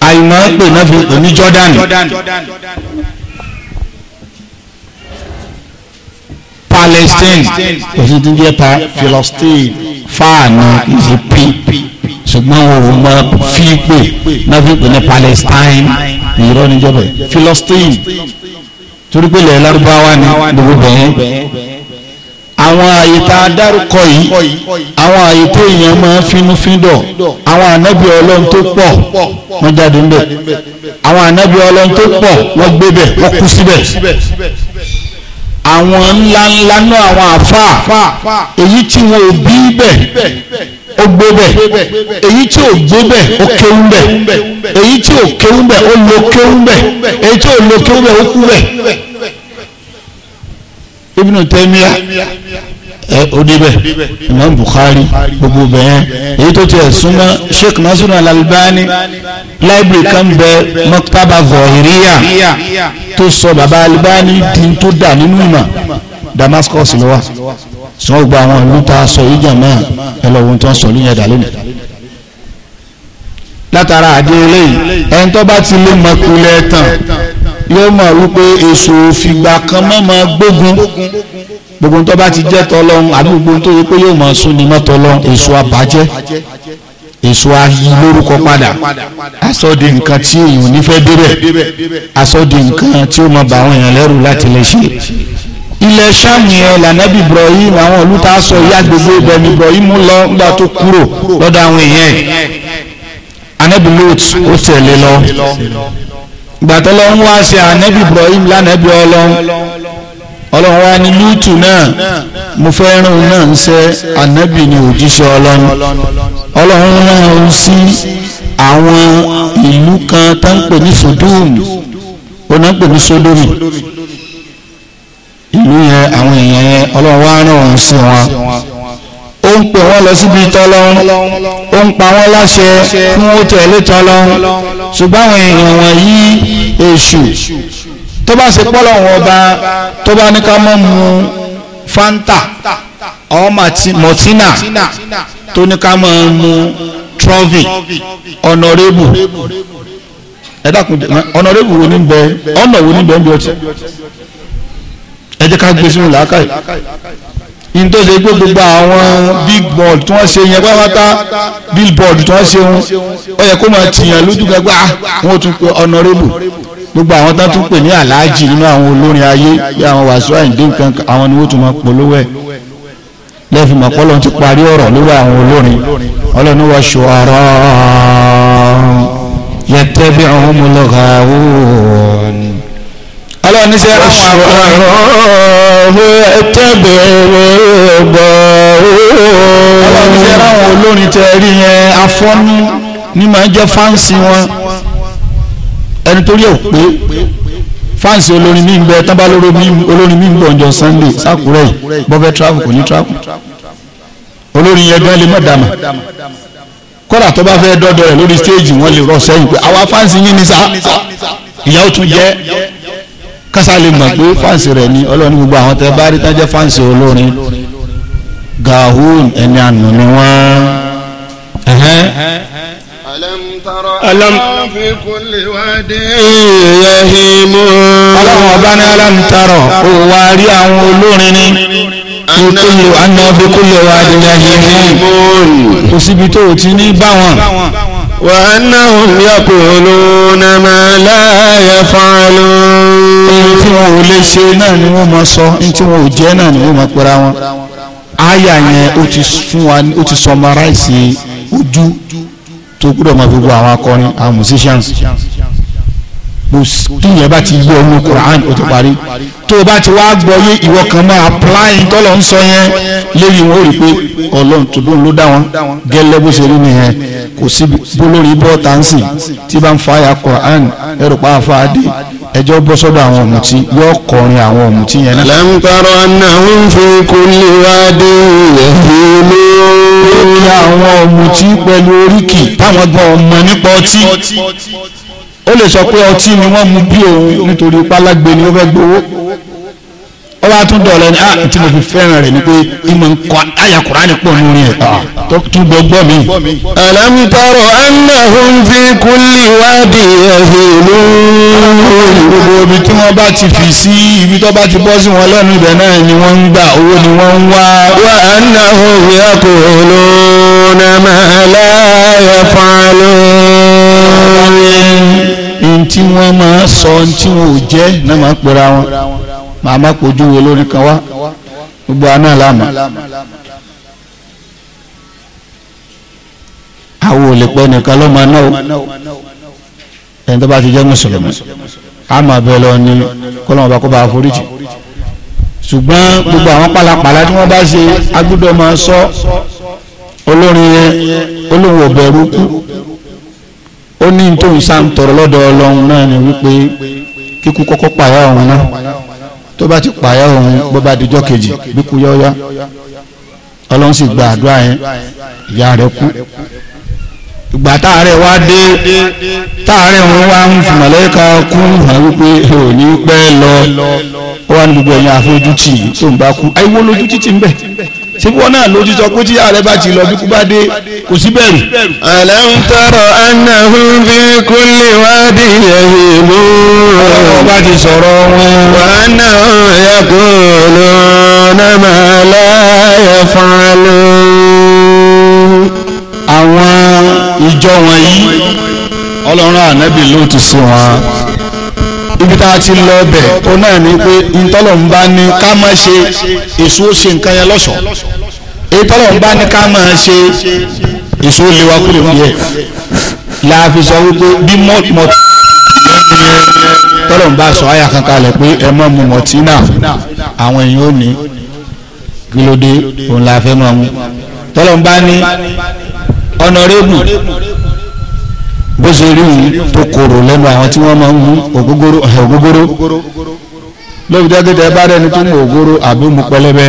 àìmọ́ pè náà fi pè ní Jordan Palestine kò sí ti ń jẹ́ pa Philistine fáànù ìfipí ṣùgbọ́n òun mọ fi pè náà fi pè ní Palestine ìrọ́ níjọba Philistine torí pé ilẹ̀ Lárúbáwá ni gbogbo bẹ̀yẹn àwọn àyè tá a dárúkọ yìí àwọn àyè tó èèyàn máa ń finúfíndọ̀ àwọn ànábì ọlọ́run tó pọ̀ wọ́n jáde ńbẹ̀ àwọn ànábì ọlọ́run tó pọ̀ wọ́n gbé bẹ̀ wọ́n kú síbẹ̀ àwọn ńláńlá náà àwọn àfáà èyí tí wọn ò bí bẹ̀ ó gbé bẹ̀ èyí tí ò gbé bẹ̀ ó kéwú bẹ̀ èyí tí ò kéwú bẹ̀ ó lo kéwú bẹ̀ èyí tí ò lo kéwú bẹ̀ ó kú bẹ̀. Ibn Taymiyyah ẹ oníbẹ̀ Imam Bukhari gbogbo bẹ̀yẹn èyí tó tiẹ̀ súnmọ́ Sheikh Nasiru Al-Albani library kan bẹ Maktaba Zahiriya tó sọ baba Albani di tó dà nínú ìmọ̀ Damascus ló wà sọ gba àwọn ìlú tá a sọ yìí jàmọ́ ẹ lọ ohun tó ń sọ ní yẹn dàlẹ́ nìyẹn látara àdé eléyìí ẹni tó bá ti lé mọ̀kulẹ̀ tán yóò mọ̀ wípé èso òfìgbà kan mọ́ mọ́ gbógun gbogbo tó bá ti jẹ́ tọlọ́run àbí gbogbo tó yẹ pé yóò mọ̀ sún ni mọ́ tọlọ́run èso àbàjẹ́ èso ayi lórúkọ padà aṣọ di nǹkan tí èèyàn nífẹ̀ẹ́ débẹ̀ aṣọ di nǹkan tí ó mọ bá àwọn èèyàn lẹ́rù láti lè ṣe ilẹ̀ sàmì ẹ̀ lànàbí Ibrahim àwọn olùtà sọ ìyá gbogbo ibẹ̀ ni Ibrahim lọ nígbà tó kúrò lọ́dọ̀ àwọn èèyàn ẹ̀ anabi Lut ó tẹ̀lé lọ ìgbà tọ́lọ́run wá ṣe ànábì Ibrahim lánàbí ọlọ́run ọlọ́run wá ní lútù náà mo fẹ́ ràn náà ń ṣe ànábì ní òjíṣẹ́ ọlọ́run ọlọ́run rán òun sí àwọn ìlú kan tó ń pè ní Sodom òun ń pè ní Sodomi ìlú yẹn àwọn èèyàn yẹn ọlọ́run wá rán òun sí wọn ó ń pè wọ́n lọ síbi tọ́lọ́run ó ń pa wọ́n láṣẹ fún ó tẹ̀lé tọ́lọ́run. ṣùgbọ́n àwọn èèyàn wọ̀nyí èṣù tó bá ṣe pọ́lọ̀ ọba tó bá ní ká mọ́ fanta ọ mọ̀tínà tó ní ká mọ́ mu trọ́vì ọ̀nàrẹ́bù ẹ̀dàkùn wo ní bẹ ọ̀nà wo ní bẹ ń bí ẹ jẹ́ ká gbé sínú làákàyè. in tó ṣe pé gbogbo àwọn big board tí wọ́n ṣe yẹn pátápátá billboard tí wọ́n ṣe wọn ó yẹ kó máa tìyàn lójú gbàgbà wọn ò tún pe honourable gbogbo àwọn tó tún pè ní aláàjì nínú àwọn olórin ayé bí àwọn wàásù àyíndé nǹkan àwọn ni wọ́n tún máa polówó ẹ̀ lẹ́fì mọ̀ pọ́lọ́n ti parí ọ̀rọ̀ lórí àwọn olórin ọlọ́ni wọ́n ṣò ọ̀rọ̀ yẹtẹ́bí ọ̀hún mu lọ́gàá wò ó ọlọ́ni ṣe àwọn àbúrò tẹ́bẹ̀ ọgbọ̀ ọlọ́run jẹ́ ráwọn olórin tẹ rí yẹn afọ́nú ní máa jẹ́ fáǹsì wọn ẹni torí ẹ̀ pé fáǹsì olórin mi ń bẹ tábà olórin mi ń bọ̀ ọjọ́ sunday sákúrẹ́ yìí travel kò ní travel olórin yẹn gan lè mọ̀ dàmà kódà tó bá fẹ́ dọ́dọ̀ rẹ̀ lórí stéèjì wọ́n lè rọ sẹ́yìn pé àwa fáǹsì yín ni sá ìyá ó tún jẹ́ kásá lè mọ̀ pé fáǹsì rẹ̀ ni ọlọ́run gbogbo àwọn tẹ bá rí tájẹ́ fáǹsì olórin gahun ẹni àná ni wọ́n. alam fi kulli wadi yahimu. ọlọ́run ọba ní alam tarọ ó wá rí àwọn olórin ní kulli anna fi kulli wadi yahimu. kò síbi tó o ti ní bá wọn. wa annahum yaquluna ma la yaf'alun pé tí wọn ò lè ṣe náà ni wọ́n máa sọ tí wọn ò jẹ́ náà ni wọ́n máa pera wọn àyà yẹn ó ti fún wa ó ti summarize ojú tó gbọ́dọ̀ máa fi gbọ́ àwọn akọrin àwọn musicians bí yẹn bá ti yé ọmọ Quran ó ti parí tó o bá ti wá gbọ́ yé ìwọ kan máa apply tọ́lọ̀ ń sọ yẹn lérí wọn ó rí i pé ọlọ́run tó ló dá wọn gẹ́lẹ́ bó ṣe rí nìyẹn kò sí bólórí bọ́ọ̀tà ń tí bá ń fa àyà Quran ẹrù pa àfa adé ẹjọ́ bọ́ sọ́dọ̀ àwọn ọ̀mùtí yóò kọrin àwọn ọ̀mùtí yẹn náà. alam tara annahum fi kulli wadin yahimun. ó ní àwọn ọ̀mùtí pẹ̀lú oríkì táwọn gan ọmọ nípa ọtí ó lè sọ pé ọtí ni wọ́n mu bí òun nítorí pálágbé ni ó fẹ́ gbowó bá tún dọ̀lẹ́ ní ah tí mo fi fẹ́ràn rẹ̀ ni pé ìmọ̀ nǹkan àyà Kùránì pọ̀ lórí ẹ̀ ah, tó tún gbọ́ gbọ́ mi. Alam tara annahum fi kulli wadi yahilun. gbogbo ibi tí wọ́n bá ti fi sí ibi tó bá ti bọ́ sí wọn lẹ́nu ibẹ̀ náà ni wọ́n ń gbà owó ni wọ́n ń wá. wa annahum yaquluna ma la yaf'alun. ntí wọ́n máa sọ ntí wọn ò jẹ́ náà máa pera wọn màá má kojú wo lórí kan wá gbogbo aná làmà àwọn ò lè pẹ́ nìkan ló máa náwó ẹni tó bá ti jẹ́ mùsùlùmí a máa bẹ lọ ní kọ́lọ́mù bá kó bá foríjì ṣùgbọ́n gbogbo àwọn pàlàpàlà tí wọ́n bá ṣe agbọ́dọ̀ máa sọ olórin yẹn olóhùn ọ̀bẹ̀rù kú ó ní tóun sáà ń tọrọ lọ́dọ̀ ọlọ́run náà ni wípé kíkú kọ́kọ́ pààyà ọ̀run náà tó bá ti pààyà òun bó bá dijọ́ kejì bí kú yọ́yá ọlọ́run sì gba àdúrà yẹn ìyá rẹ̀ kú ìgbà táàrẹ̀ wá dé táàrẹ̀ òun wá ń fìmọ̀lẹ́ka kú hàn wípé ò ní pẹ́ lọ ó wà ní gbogbo ẹ̀yìn àfojútì tó ń bá kú àìwó lójú títì ń bẹ̀ síbúwọ́ náà lójú sọ pé tí ààrẹ bá ti lọ bí kú bá dé kò sí bẹ̀rù. alam tara annahum fi kulli wadi yahimun. ọlọ́wọ́ bá ti sọ̀rọ̀ wọn. wa annahum yaquluna ma la yaf'alun. àwọn ìjọ wọ̀nyí ọlọ́run ànábì ló ti sí wọn ibi tá a ti lọ bẹ̀ ó náà ní pé ntọ́lọ̀ ń bá ní ká má ṣe èso ṣe nǹkan yẹn lọ́ṣọ̀ọ́ èyí tọ́lọ̀ ń bá ní ká máa ṣe èso lè kúrò díẹ̀ la fi sọ wípé bí mọ́tìmọ́tì tọ́lọ̀ ń bá sọ àyà kan kalẹ̀ pé ẹ mọ́ mu mọ̀tí náà àwọn èèyàn ò ní kí òun la fẹ́ máa mu tọ́lọ̀ ń bá ní ọ̀nàrẹ́bù bó ṣe rí òun tó korò lẹ́nu àwọn tí wọ́n máa ń mu ògógóró ògógóró lóbi dẹ́gẹ́dẹ́ bá rẹ̀ ní tó mú ògógóró àbí mu pẹlẹbẹ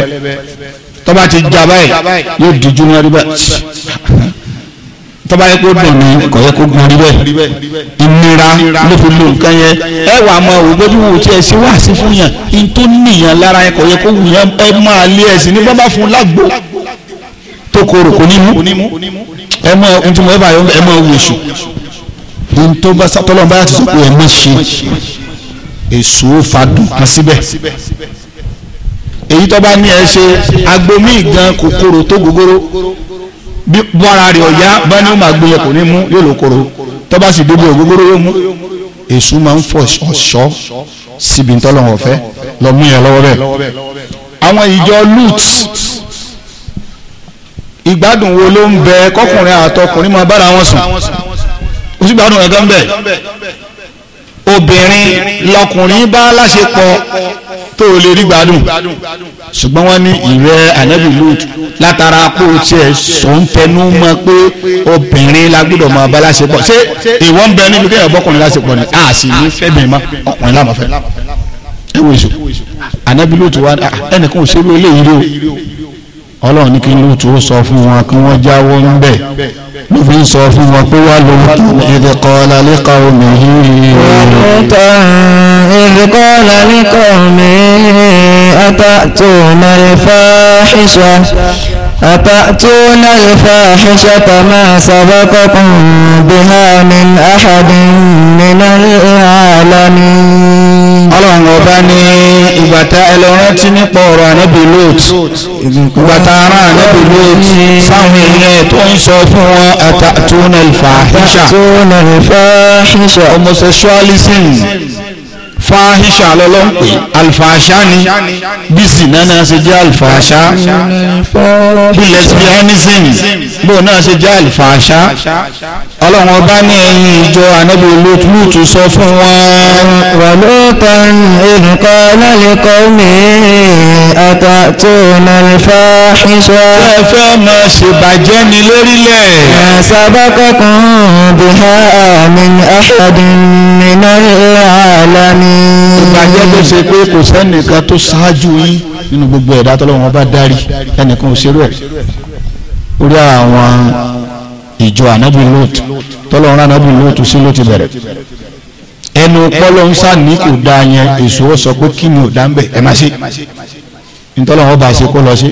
tọ́ba ti já báyìí yóò díjú ní ọdún tọ́ba yẹ kó dùn ní kò yẹ kó gbọ́n níbẹ̀ ìnira ló fi lo nǹkan yẹn ẹ wà mọ ògbójú wo tí ẹ ṣe wá sí fún yàn n tó nìyàn lára yẹn kò yẹ kó wù yẹn ẹ máa lé ẹ̀sìn ní bábá fún lágbo tó korò kò ní mú ẹ mọ ohun tí mo bá yọ ẹ mọ owó oṣù ohun tó bá sátọ́lọ́ bá ti sọ pé ẹ má ṣe èso fadùn kan síbẹ̀ èyí tó bá ní ẹ ṣe agbomi gan kòkòrò tó gogoro bí bọ́ra rẹ̀ ọ̀yá bá ní ó máa gbé ẹkùn ní mú yóò lò kòrò tó bá sì dóbi ògógóró yóò mú èṣù máa ń fọ ọ̀ṣọ́ síbi tọ́lọ́wọ̀n ọ̀fẹ́ lọ mú yẹn lọ́wọ́ bẹ́ẹ̀ àwọn ìjọ lut ìgbádùn wo ló ń bẹ kọkùnrin àtọkùnrin máa bára wọn sùn ó gbádùn ẹ̀gán bẹ́ẹ̀ obìnrin lọkùnrin bá láṣepọ̀ tó o lè rí gbádùn ṣùgbọ́n wọ́n ní ìrẹ́ ànábì lut látara kó o tiẹ̀ sọ ń tẹnu mọ́ pé obìnrin la gbọ́dọ̀ máa bá láṣepọ̀ ṣé ìwọ bẹ níbi kéèyàn bọ́kùnrin láṣepọ̀ ni a sì ní fẹ́bìn mọ́ ọkùnrin láàmú fẹ́ ẹ wo èso ànábì lut wa ah, ẹnìkan ò ṣe é lóye yìí o ọlọ́run ní kí ló tó sọ fún wọn kí wọ́n jáwọ́ ń bẹ̀ ló fi ń sọ fún wọn pé wà lóòótọ́ ìdíkọ́ lálẹ́kọ̀ọ́ mi yìí. wọ́n tán. إذ قال لقومه أتأتون الفاحشة أتأتون الفاحشة ما سبقكم بها من أحد من العالمين ọlọ́run ọba ní ìgbàta ẹlọ́rán tí nípa ọ̀rọ̀ ànábì lóòt ìgbàta ara ànábì lóòt sáwọn èèyàn tó ń sọ fún wọn àtàtúnà ìfàhíṣà homosexualism alfahisha lọ́lọ́ ń pè alfahasha ni bíìsì náà náà ṣe jẹ́ alfahasha bí lesbianism bó náà ṣe jẹ́ alfahasha ọlọ́run ọba ní ẹ̀yìn ìjọ anábì olótùlùtù sọ fún wọn. wàlúùtàn ìdùkọ́ lálẹ́kọ́ mi àtàtún alfahasha. ẹ fẹ́ máa ṣèbàjẹ́ ni lórílẹ̀. sábà kọkàn bìhá min ahadin min al alamin. ìbàjẹ́ tó ṣe pé kò sẹ́nìkan tó ṣáájú yín nínú gbogbo ẹ̀dá tọ́lọ́wọ́n bá dárí ẹnìkan ò ṣerú ẹ̀ orí àwọn ìjọ ànábì lóòtù tọ́lọ́run ànábì lóòtù sí ló ti bẹ̀rẹ̀ ẹnu pọ́lọ́ ń sàní kò dáa yẹn èso sọ pé kí ni ò dá ń bẹ̀ ẹ má ṣe ntọ́lọ́wọ́n bá ṣe kó lọ sí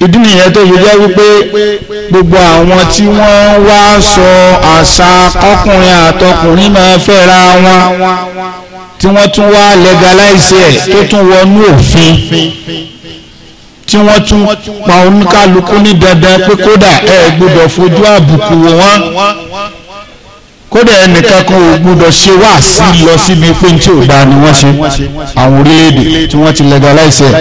ìdí nìyẹn tó fi jẹ́ wípé gbogbo àwọn tí wọ́n wá sọ àṣà ọkùnrin àtọkùnrin máa fẹ́ra wọn tí wọ́n tún wá legalize ẹ̀ tó tún wọnú òfin tí wọ́n tún pa oníkálukú ní dandan pé kódà ẹ̀ gbọ́dọ̀ fojú àbùkù wọn kódà ẹnìkan kan ò gbúdọ̀ ṣe wá sí lọ síbi pé tí ò dáa ni wọ́n ṣe àwọn orílẹ̀-èdè tí wọ́n ti legalize ẹ̀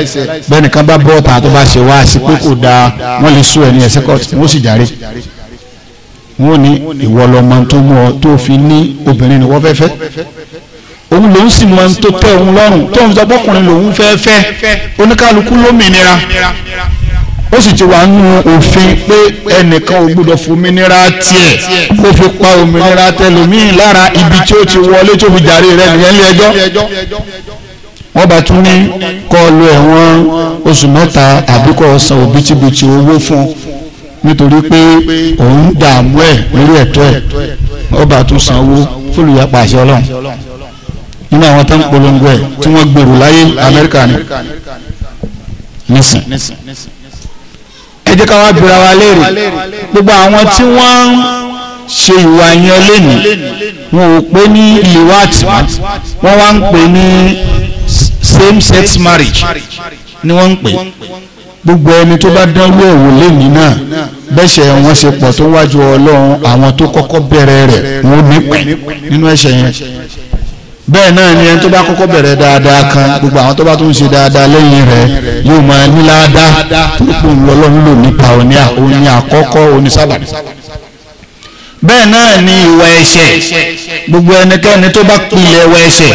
bẹ́ẹ̀ nìkan bá bọ́ọ̀tà tó bá ṣe wá sí pé kò dáa wọ́n lè sún ẹni ẹ̀sẹ̀ kọ́ọ̀tù wọ́n sì jàre wọ́n ní ìwọ lọ́mọ tó mú ọ tó fi ní obìnrin ni wọ́n fẹ́ fẹ́ òun lòun sì mọ tó tẹ́ òun lọ́rùn tóun sọ pọ́kùnrin lòun fẹ́ fẹ́ oníkálukú lómìnira ó sì ti wà nínú òfin pé ẹnìkan ò gbúdọ̀ fòmìnira tiẹ̀ kó fi pa òmìnira tẹlòmíì lára ibi tí ó ti wọlé tó fi jàre rẹ̀ nìyẹn lé ẹjọ́ wọ́n bá tún ní kó lọ ẹ̀wọ̀n oṣù mẹ́ta àbí kó san òbítíbitì owó fún nítorí pé òun dààmú ẹ̀ lórí ẹ̀tọ́ ẹ̀ wọ́n bá tún sanwó fúlùyàpá àṣẹ ọlọ́run nínú àwọn tó ń polongo ẹ̀ tí wọ́n gbèrò láyé amẹ́ríkà ni nísìn jẹ́ ká wá bira wa léèrè gbogbo àwọn tí wọ́n ń ṣe ìwà yẹn lénìí wọn ò pé ní ìwádìí wọn wá ń pè ní same sex marriage ni wọ́n ń pè gbogbo ẹni tó bá dánwó ẹ̀wò lénìí náà bẹ́sẹ̀ wọn ṣe pọ̀ tó wájú ọlọ́run àwọn tó kọ́kọ́ bẹ̀rẹ̀ rẹ̀ wọn ò ní pẹ́ nínú ẹ̀ṣẹ̀ yẹn bẹ́ẹ̀ náà ni ẹni tó bá kọ́kọ́ bẹ̀rẹ̀ dáadáa kan gbogbo àwọn tó bá tún ṣe dáadáa lẹ́yìn rẹ̀ yóò máa ní ládàá púpọ̀ lọ́lọ́run lò ní òní àkọ́kọ́ onísábàdì. bẹ́ẹ̀ náà ni ìwà ẹ̀ṣẹ̀ gbogbo ẹnikẹ́ni tó bá pilẹ̀ ẹwà ẹ̀ṣẹ̀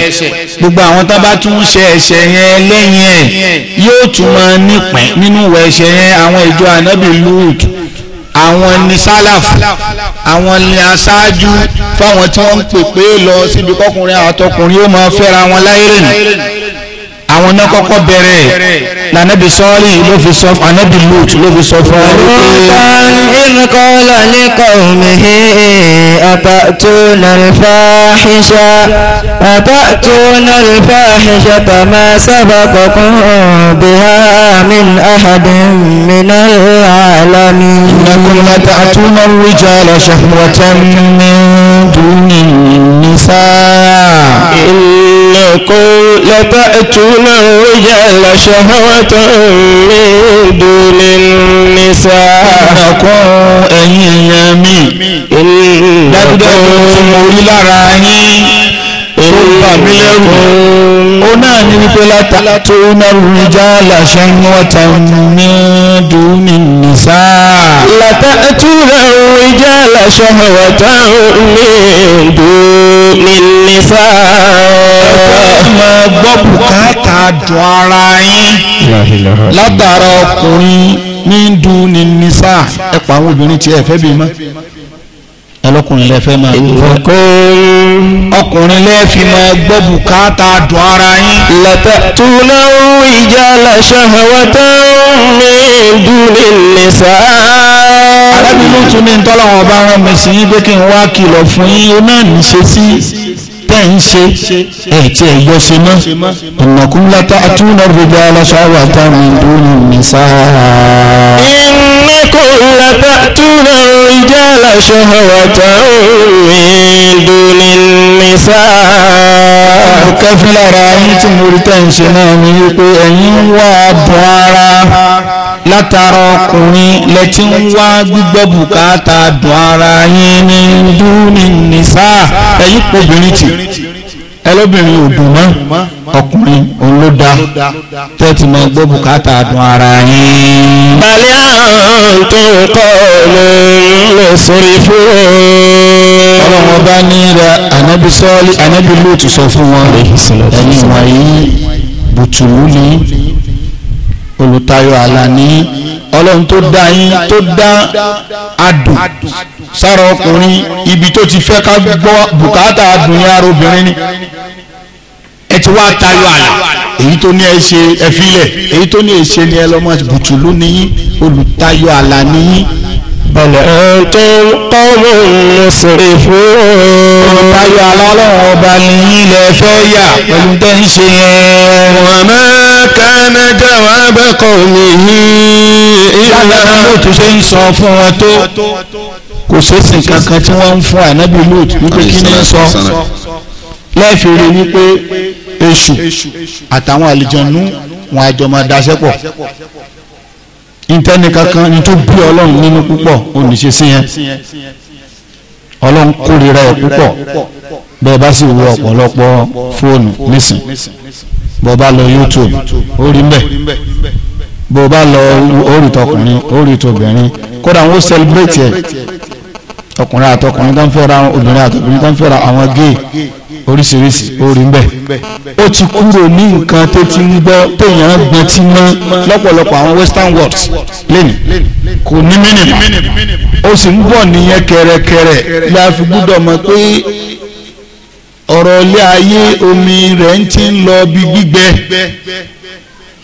gbogbo àwọn tó bá tún ṣe ẹ̀ṣẹ̀ yẹn lẹ́yìn ẹ̀ yóò tún máa nípìn nínú ìwà ẹ̀ṣẹ̀ yẹn àwọn ìjọ ànábì lúùtù àwọn ni sálàf àwọn ni aṣáájú fáwọn tí wọ́n ń pè pé lọ síbi kọkùnrin àtọkùnrin ó máa fẹ́ra wọn láyé rìn àwọn náà kọ́kọ́ bẹ̀rẹ̀ lànàbì sọ́ọ̀lì ló fi sọ ànàbì lut ló fi sọ fún ọ wípé. ìlú kọ́lá ní kọ́ọ̀mì àbàtò nàlfàáhìṣà àbàtò nàlfàáhìṣà tàmá sábà kọ̀ọ̀kan bíhá min ahadin minal العالمين إنكم لتأتون الرجال شهوة من دون النساء إنكم لتأتون الرجال شهوة من دون النساء إنكم أيين يمين إنكم dájúdájú tí mo rí lára yín tó bà mí lẹ́rù ó náà ní wípé látàtò nàrúnjá làṣẹ́wọ́ta ní dùnmí nìsá. látàtò nàrúnjá làṣẹ́wọ́ta ní dùnmí nìsá. ẹ̀fọ́ ẹ̀ máa gbọ́ bùkátà dùn ara yín látara ọkùnrin ní dùnmí nìsá ẹ̀ pa àwọn obìnrin tí ẹ fẹ́ bí mọ́ ẹlọ́kùnrin lẹ fẹ́ máa gbọ́ ọkùnrin lẹ fi máa gbọ́ bùkátà dùn ara yín. lẹ́tẹ̀ túná ìjà lẹ́sẹ̀ wẹ́tẹ́ mi dúró nìṣá. arábìnrin tún ní tọ́lọ́wọ́n bá rán mi sí pé kí n wá kìlọ̀ fún yín ó náà níṣe sí tẹ̀ ń ṣe ẹ̀ tí ẹ̀ yọ ṣe mọ́ ìmọ̀kúnlátà àtúnlá gbogbo aláṣáwà tá mi dúró nìsá. ìmọ̀kúnlátà àtúnlá ìjà aláṣáwà tá mi dúró nìsá. kẹfìlára yín tí mo rí tẹ̀ ń ṣe náà ni wípé ẹ̀yin wà bọ́ ara látara ọkùnrin lẹ ti ń wá gbígbọ́ bùkátà dùn ara yín ní dúnì nìsá ẹ̀yìn obìnrin tì ẹlọ́bìnrin ò dùn mọ́ ọkùnrin òun ló dá tẹ́tì máa gbọ́ bùkátà dùn ara yín. balẹ̀ àwọn kọ́ ló ń lọ sórí fún un. ọlọ́run ọba ní ra ànábì sọ́ọ́lì ànábì lóòtù sọ fún wọn ẹ̀yìn wọ̀nyí bùtùlù ni olùtayọ àlà ní ọlọ́run tó dá yín tó dá adùn sára ọkùnrin ibi tó ti fẹ́ ká gbọ́ bùkátà adùn yẹn ara obìnrin ni ẹ ti wá tayọ àlà èyí tó ní ẹ ṣe ẹ filẹ̀ èyí tó ní ẹ ṣe ni ẹ lọ́mọ bùtùlù nìyí olùtayọ àlà nìyí. بل أنتم قوم مسرفون ọ̀tayọ̀ alọ́lọ́run ọba nìyí lẹ fẹ́ yà pẹ̀lú tẹ́ ń ṣe yẹn. وما كان جواب قومه إلا lágbàdo tó ṣe ń sọ fún wọn tó kò sẹ́sì kankan tí wọ́n ń fún ànábì lóòtù wípé kí ni sọ lẹ́ẹ̀fì wípé èṣù àtàwọn àlìjọ̀nú wọn àjọmọ̀ daṣẹ́pọ̀ ìtẹ́ni kankan ní tó bí ọlọ́run nínú púpọ̀ oníṣe sí yẹn ọlọ́run kórìíra ẹ̀ púpọ̀ bẹ́ẹ̀ bá sì wo ọ̀pọ̀lọpọ̀ fóònù nísìn bó bá lọ youtube ó rí mbẹ́ bó bá lọ orí tọkùnrin orí tobìnrin kódà wọn ó celebrate ẹ ọkùnrin àtọkùnrin tó ń fẹ́ra obìnrin àtọkùnrin tó ń fẹ́ra àwọn gay oríṣiríṣi orí ń bẹ ó ti kúrò ní nǹkan tó ti ń gbọ́ péyàn gbọ́n ti mọ́ lọ́pọ̀lọpọ̀ àwọn western words lẹ́nu kò ní mínìmù ó sì ń bọ̀ nìyẹn kẹrẹkẹrẹ la fi gbúdọ̀ mọ̀ pé ọ̀rọ̀ ilé ayé omi rẹ̀ ń ti ń lọ bí gbígbẹ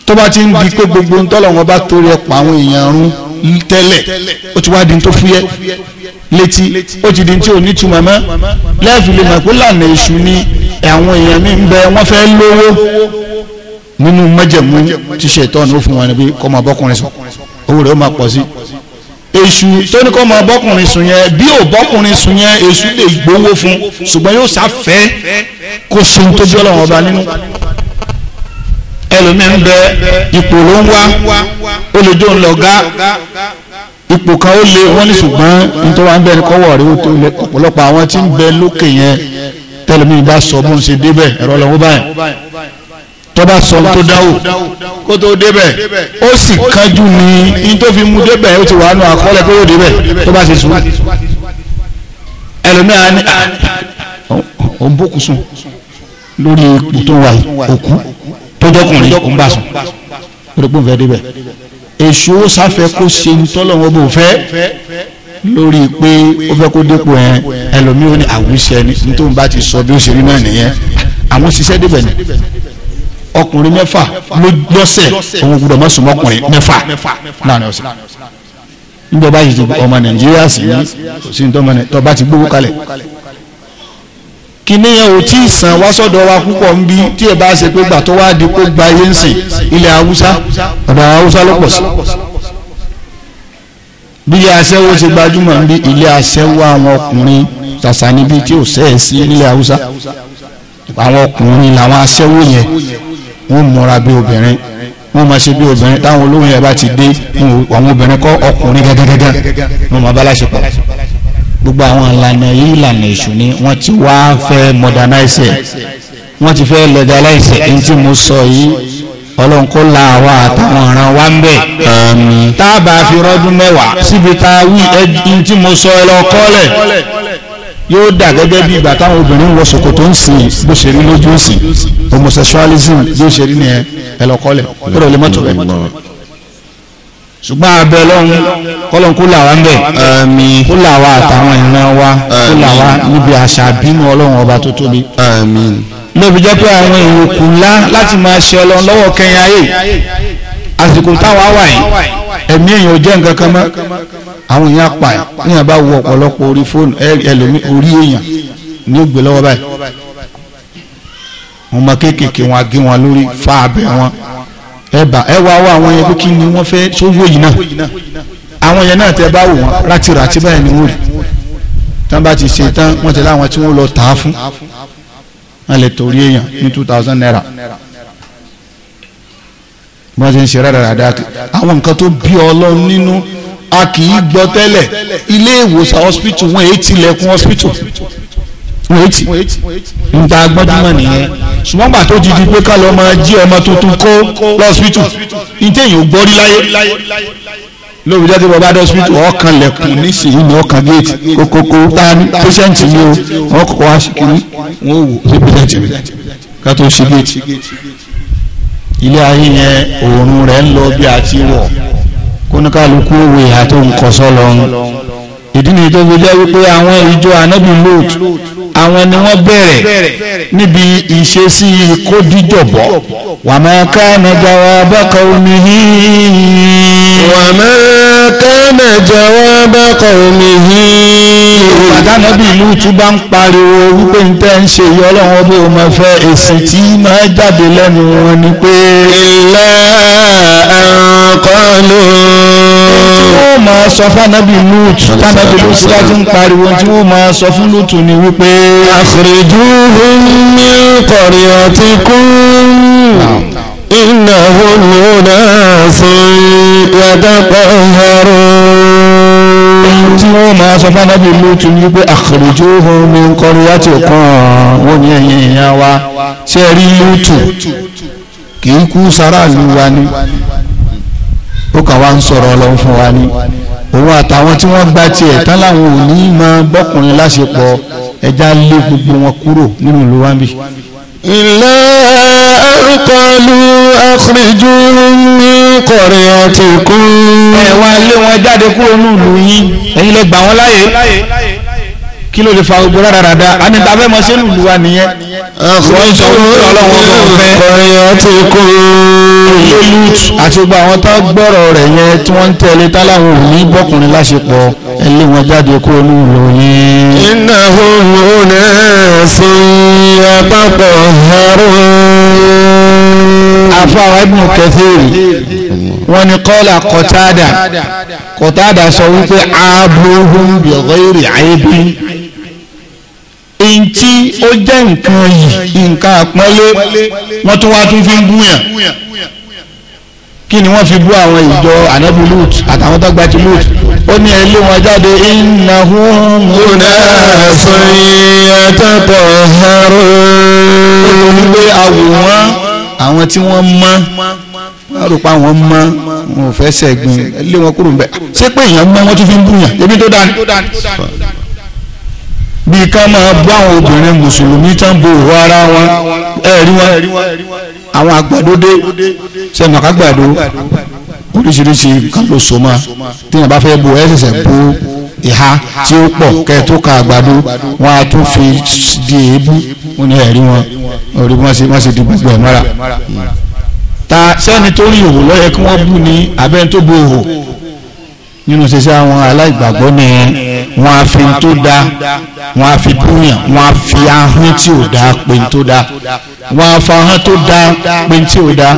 tó bá ti ń di pé gbogbo ń tọ́lọ̀ wọn bá torí ẹ̀ àwọn èèyàn rún tẹ́lẹ̀ ó ti wá di tó fúyẹ́ létí ó ti di tí ò ní túmọ̀ mọ́ lẹ́ẹ̀fì lè mọ̀ pé lànà èṣù ni àwọn èèyàn mi ń bẹ wọ́n fẹ́ lówó nínú májẹ̀mú ti ṣètọ́nù ó fún wọn níbi kọ́ máa bọ́kùnrin sùn owó rẹ̀ ó máa pọ̀ sí èṣù tó ní kọ́ máa bọ́kùnrin sùn yẹn bí ò bọ́kùnrin sùn yẹn èṣù lè gbowó fún ṣùgbọ́n yóò sáfẹ́ kó ṣe ohun tó bí ọlọ́run ọba nínú ẹlòmíín ń bẹ ipò ló ń wá ó lè jó ń lọ gá ipò kan ó lé wọ́n ní ṣùgbọ́n nítorí wọn bẹ ní kọ́wọ́ rí ọ̀pọ̀lọpọ̀ àwọn tí ń bẹ lókè yẹn tẹlẹmíín bá sọ bó ń ṣe débẹ̀ ẹ̀rọ lọ́wọ́ báyìí tọ́ba sọ tó dáwò kó tó débẹ̀ ó sì kánjú ní in tó fi mú débẹ̀ ó ti wà nù àkọọ́lẹ̀ pé ó débẹ̀ tó ṣe sùn ẹlòmíín á ní òun ah, bókùsùn lórí ipò tó wà òkú tọjọkùnrin kò ń bà sùn rògbòn fẹ́ débẹ̀ èṣù ó sáfẹ́ kó ṣe ń tọ́lọ̀ wọn bò fẹ́ lórí pé ó fẹ́ kó dépò yẹn ẹlòmíì ó ní àwùjọ ẹni nítorí bá ti sọ bí ó ṣe rí náà nìyẹn àwọn ṣiṣẹ́ débẹ̀ ni ọkùnrin mẹ́fà lọ́sẹ̀ òun gbọ́dọ̀ má súnmọ́ ọkùnrin mẹ́fà láàrin ọ̀sẹ̀ nígbà báyìí ọmọ nàìjíríà sì ní kò sí ní tọ́ba ti gbówó kalẹ̀ kíní yẹn ò tí ì sàn wá sọ́dọ̀ wa púpọ̀ ń bí tí ẹ bá ṣe pé gbà tó wá di pé gba yé ń sìn ilẹ̀ haúsá ọ̀dọ̀ haúsá ló pọ̀ sí. bí ilé aṣẹ́wó ṣe gbajúmọ̀ ń bí ilé aṣẹ́wó àwọn ọkùnrin ṣàṣà níbi tí ò sẹ́ẹ̀ sí nílẹ̀ haúsá àwọn ọkùnrin làwọn aṣẹ́wó yẹn wọ́n múra bí obìnrin wọ́n máa ṣe bí obìnrin táwọn olóhùn yẹn bá ti dé àwọn obìnrin kọ́ ọkùnrin gẹ́gẹ́gẹ́gẹ́ wọ́n máa bá láṣepọ̀ gbogbo àwọn ìlànà yìí ìlànà èṣù ni wọ́n ti wá fẹ́ modernize wọ́n ti fẹ́ legalize ẹni tí mo sọ yìí ọlọ́run kó la àwa àtàwọn ọ̀ràn wa ń bẹ̀. àmín. tá a bá fi rọ́dún mẹ́wàá síbi tá a wí ẹni tí mo sọ ẹ lọ kọ́lẹ̀ yóò dà gẹ́gẹ́ bí ìgbà táwọn obìnrin ń wọ ṣòkòtò ń sìn bó ṣe rí lójú ń homosexualism yóò ṣe rí nìyẹn ẹ lọ kọ́lẹ̀ kó lè mọ́tò rẹ̀ ṣùgbọ́n abẹ lọ́hún kọ́lọ́n kó là wá ń bẹ̀ àmín kó là wá àtàwọn ìran wa kó là wá níbi àṣà bínú ọlọ́run ọba tó tóbi àmín lóbi jẹ́ pé àwọn ìwòkù ńlá láti máa ṣe ọlọ́run lọ́wọ́ kẹyìn ayé àsìkò táwa wà yìí ẹ̀mí èèyàn ò jẹ́ nǹkan kan mọ́ àwọn èèyàn apà èèyàn bá wo ọ̀pọ̀lọpọ̀ orí fóònù ẹlòmí orí èèyàn ní ògbé lọ́wọ́ báyìí wọn mọ kéékèèké wọn ẹ bá ẹ wá wá àwọn yẹn pé kí ni wọ́n fẹ́ sówó yìí náà àwọn yẹn náà tẹ bá wò wọ́n rátiràtí báyìí ni wọ́n rí tán bá ti ṣe tán wọ́n ti láwọn tí wọ́n lọ tà á fún wọ́n lè torí èèyàn ní two thousand naira wọ́n ti ń ṣe rárá dáa àwọn nǹkan tó bí ọlọ́run nínú a kì í gbọ́ tẹ́lẹ̀ ilé ìwòsàn hospital wọn èyí tilẹ̀kùn hospital. hospital wọn èjì nta gbọ́dúmọ̀ nìyẹn ṣùgbọ́n gbà tó ti di pé ká lọ máa jí ọmọ tuntun kó lọ́sibítù ntẹ̀yìn ò gbọ́rí láyé lórí jáde bàbá dé hospital ọkàn lẹ̀kùn nísìnyí ní ọkàn gate kókókó tani patient mi o ọkọ̀ wá sí kiri wọn ò wò sí patient mi ká tó sí gate ilé ayé yẹn òórùn rẹ̀ ń lọ bí àti wọ̀ kóníkàlùkù òwe àti òǹkọ̀sọ́ lọ́run ìdí nìyí tó fi jẹ́ wípé àwọn ìjọ anábì lóòtù àwọn ni wọ́n bẹ̀rẹ̀ níbi ìṣesí kódìjọ̀bọ̀ wàmà kánà jawaba qawmihi. wàmà kánà jawaba qawmihi. ìpàdánù bí ìlú tún bá ń pariwo wípé n tẹ́ ń ṣe yọ ọlọ́run ọbẹ̀ òun máa fẹ́ èsì tí máa jáde lẹ́nu wọn ni pé. illa an qalu wọ́n máa sọ fánábì lut fánábì lut bá ti ń pariwo tí wọ́n máa sọ fún lùtù ni wípé. akhrijuhum min qaryatikum innahum unasun yataqahharun. tí wọ́n máa sọ fánábì lut ni wípé akhrijuhum min qaryatikum wọ́n ní ẹ̀yìn ìyá wa ṣe rí lùtù kì í kú sára ìlú wa ni ó kàn wá ń sọ̀rọ̀ ọlọ́run fún wa ní òun àtàwọn tí wọ́n gbá tiẹ̀ tán láwọn ò ní máa bọ́kùnrin láṣepọ̀ ẹja lé gbogbo wọn kúrò nínú ìlú wa níbí. ilé ẹrùkọlù àkùrìjú ní kọ̀rẹ́ ọ̀tẹ̀kùn. ẹ lé wọn jáde kúrò nínú ìlú yín ẹ̀yin lè gbà wọ́n láyè kí ló lè fa gbogbo rárá rárá àní tá a fẹ́ mọ ṣé lùlù wa nìyẹn. àkọ́jọ́ ọlọ́wọ́ ti kú. olólùtù àti gbogbo àwọn tó gbọ́rọ̀ rẹ̀ yẹn tí wọ́n ń tẹ̀lé táláwọn ò ní bọ́kùnrin láṣepọ̀ ẹ wọn jáde kó olúwo yín. iná òun náà sí àpapọ̀ àrùn. àfọwọ́ ibùn kẹfìrì wọ́n ní kọ́lá kọ́tádà kọ́tádà sọ wípé ààbò ohun bìọ́gọ́ ìrì àyè bí ntí ó jẹ́ nǹkan yìí nǹkan àpọ́nlé wọ́n tún wá tún fi ń búyàn kí ni wọ́n fi bú àwọn ìjọ ànábì lut àtàwọn tó gba ti lut ó ní ẹ lé wọn jáde innahum unasun yatataharun. ó ló ń àwòrán àwọn tí wọ́n mọ́ wọ́n rò pa àwọn mọ́ wọn ò fẹ́ sẹ́gbìn lé wọn kúrò ń bẹ̀ ṣé pé èèyàn mọ́ wọ́n tún fi ń búyàn ebi tó dáni bí ká máa bú àwọn obìnrin mùsùlùmí tán bo òwò ara wọn ẹ̀rí wọn àwọn àgbàdódé sẹ́mọ̀ká gbàdó oríṣiríṣi nǹkan ló so mọ́ téèyàn bá fẹ́ bo ẹ̀ ṣẹ̀ṣẹ̀ bo ìhà tí ó pọ̀ kẹ́ẹ̀tó ka àgbàdo wọn a tún fi di èébú wọn ni ẹ̀rí wọn orí wọn sì wọn sì di gbogbo ẹ̀ mọ́ra ta sẹ́ni tó rí òwò lọ́yẹ kí wọ́n bú ni abẹ́ni bo òwò nínú ṣiṣẹ́ àwọn aláìgbàgbọ́ nìyẹn wọn á fi tó da wọn á fi búyàn wọn á fi ahọ́n tí ò da pé tó da wọn á fa ahọ́n tó da pé tí ò da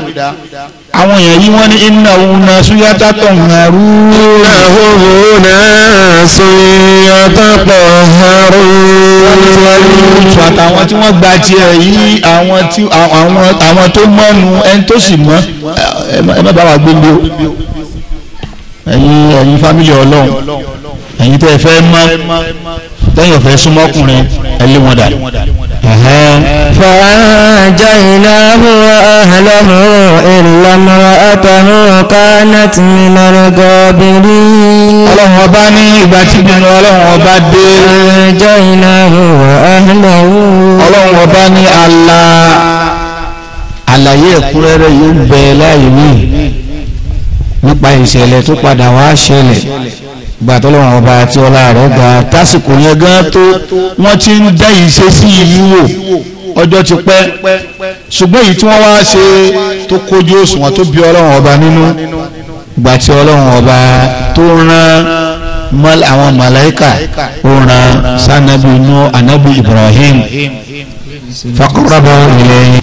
àwọn èèyàn yìí wọ́n ní iná òun náà súyátá tọ̀ hàrú. iná òun náà súyátá tọ̀ hàrú. àtàwọn tí wọ́n gba tiẹ̀ yìí àwọn tó mọ́nu ẹni tó sì mọ́ ẹ má bá wa gbé gbé o ẹ̀yin ẹ̀yin fámìlì ọlọ́run ẹ̀yin tẹ́ fẹ́ mọ́ lẹ́yìn ọ̀fẹ́ súnmọ́ ọkùnrin ẹ lé wọn dà. فَأَنْجَيْنَاهُ وَأَهْلَهُ إِلَّا امْرَأَتَهُ كَانَتْ مِنَ الْغَابِرِينَ ọlọ́run ọba ní ìgbà tí ìbínú ọlọ́run ọba dé. فَأَنْجَيْنَاهُ وَأَهْلَهُ ọlọ́run ọba ní àlà àlàyé ẹ̀kúnrẹ́rẹ́ yóò bẹ láyé mi nípa ìṣẹ̀lẹ̀ tó padà wá ṣẹlẹ̀ gbàtọ́lọ́wọ́n ọba àti ọlá rẹ̀ ga tásìkò yẹn gan tó wọ́n ti ń dá ìṣesí ìlú wò ọjọ́ ti pẹ́ ṣùgbọ́n èyí tí wọ́n wá ṣe tó kójú òṣùwọ̀n tó bí ọlọ́run ọba nínú gbà tí ọlọ́run ọba tó rán àwọn màláíkà ó rán sanabi inú anabi Ibrahim faqarraba ilayhi.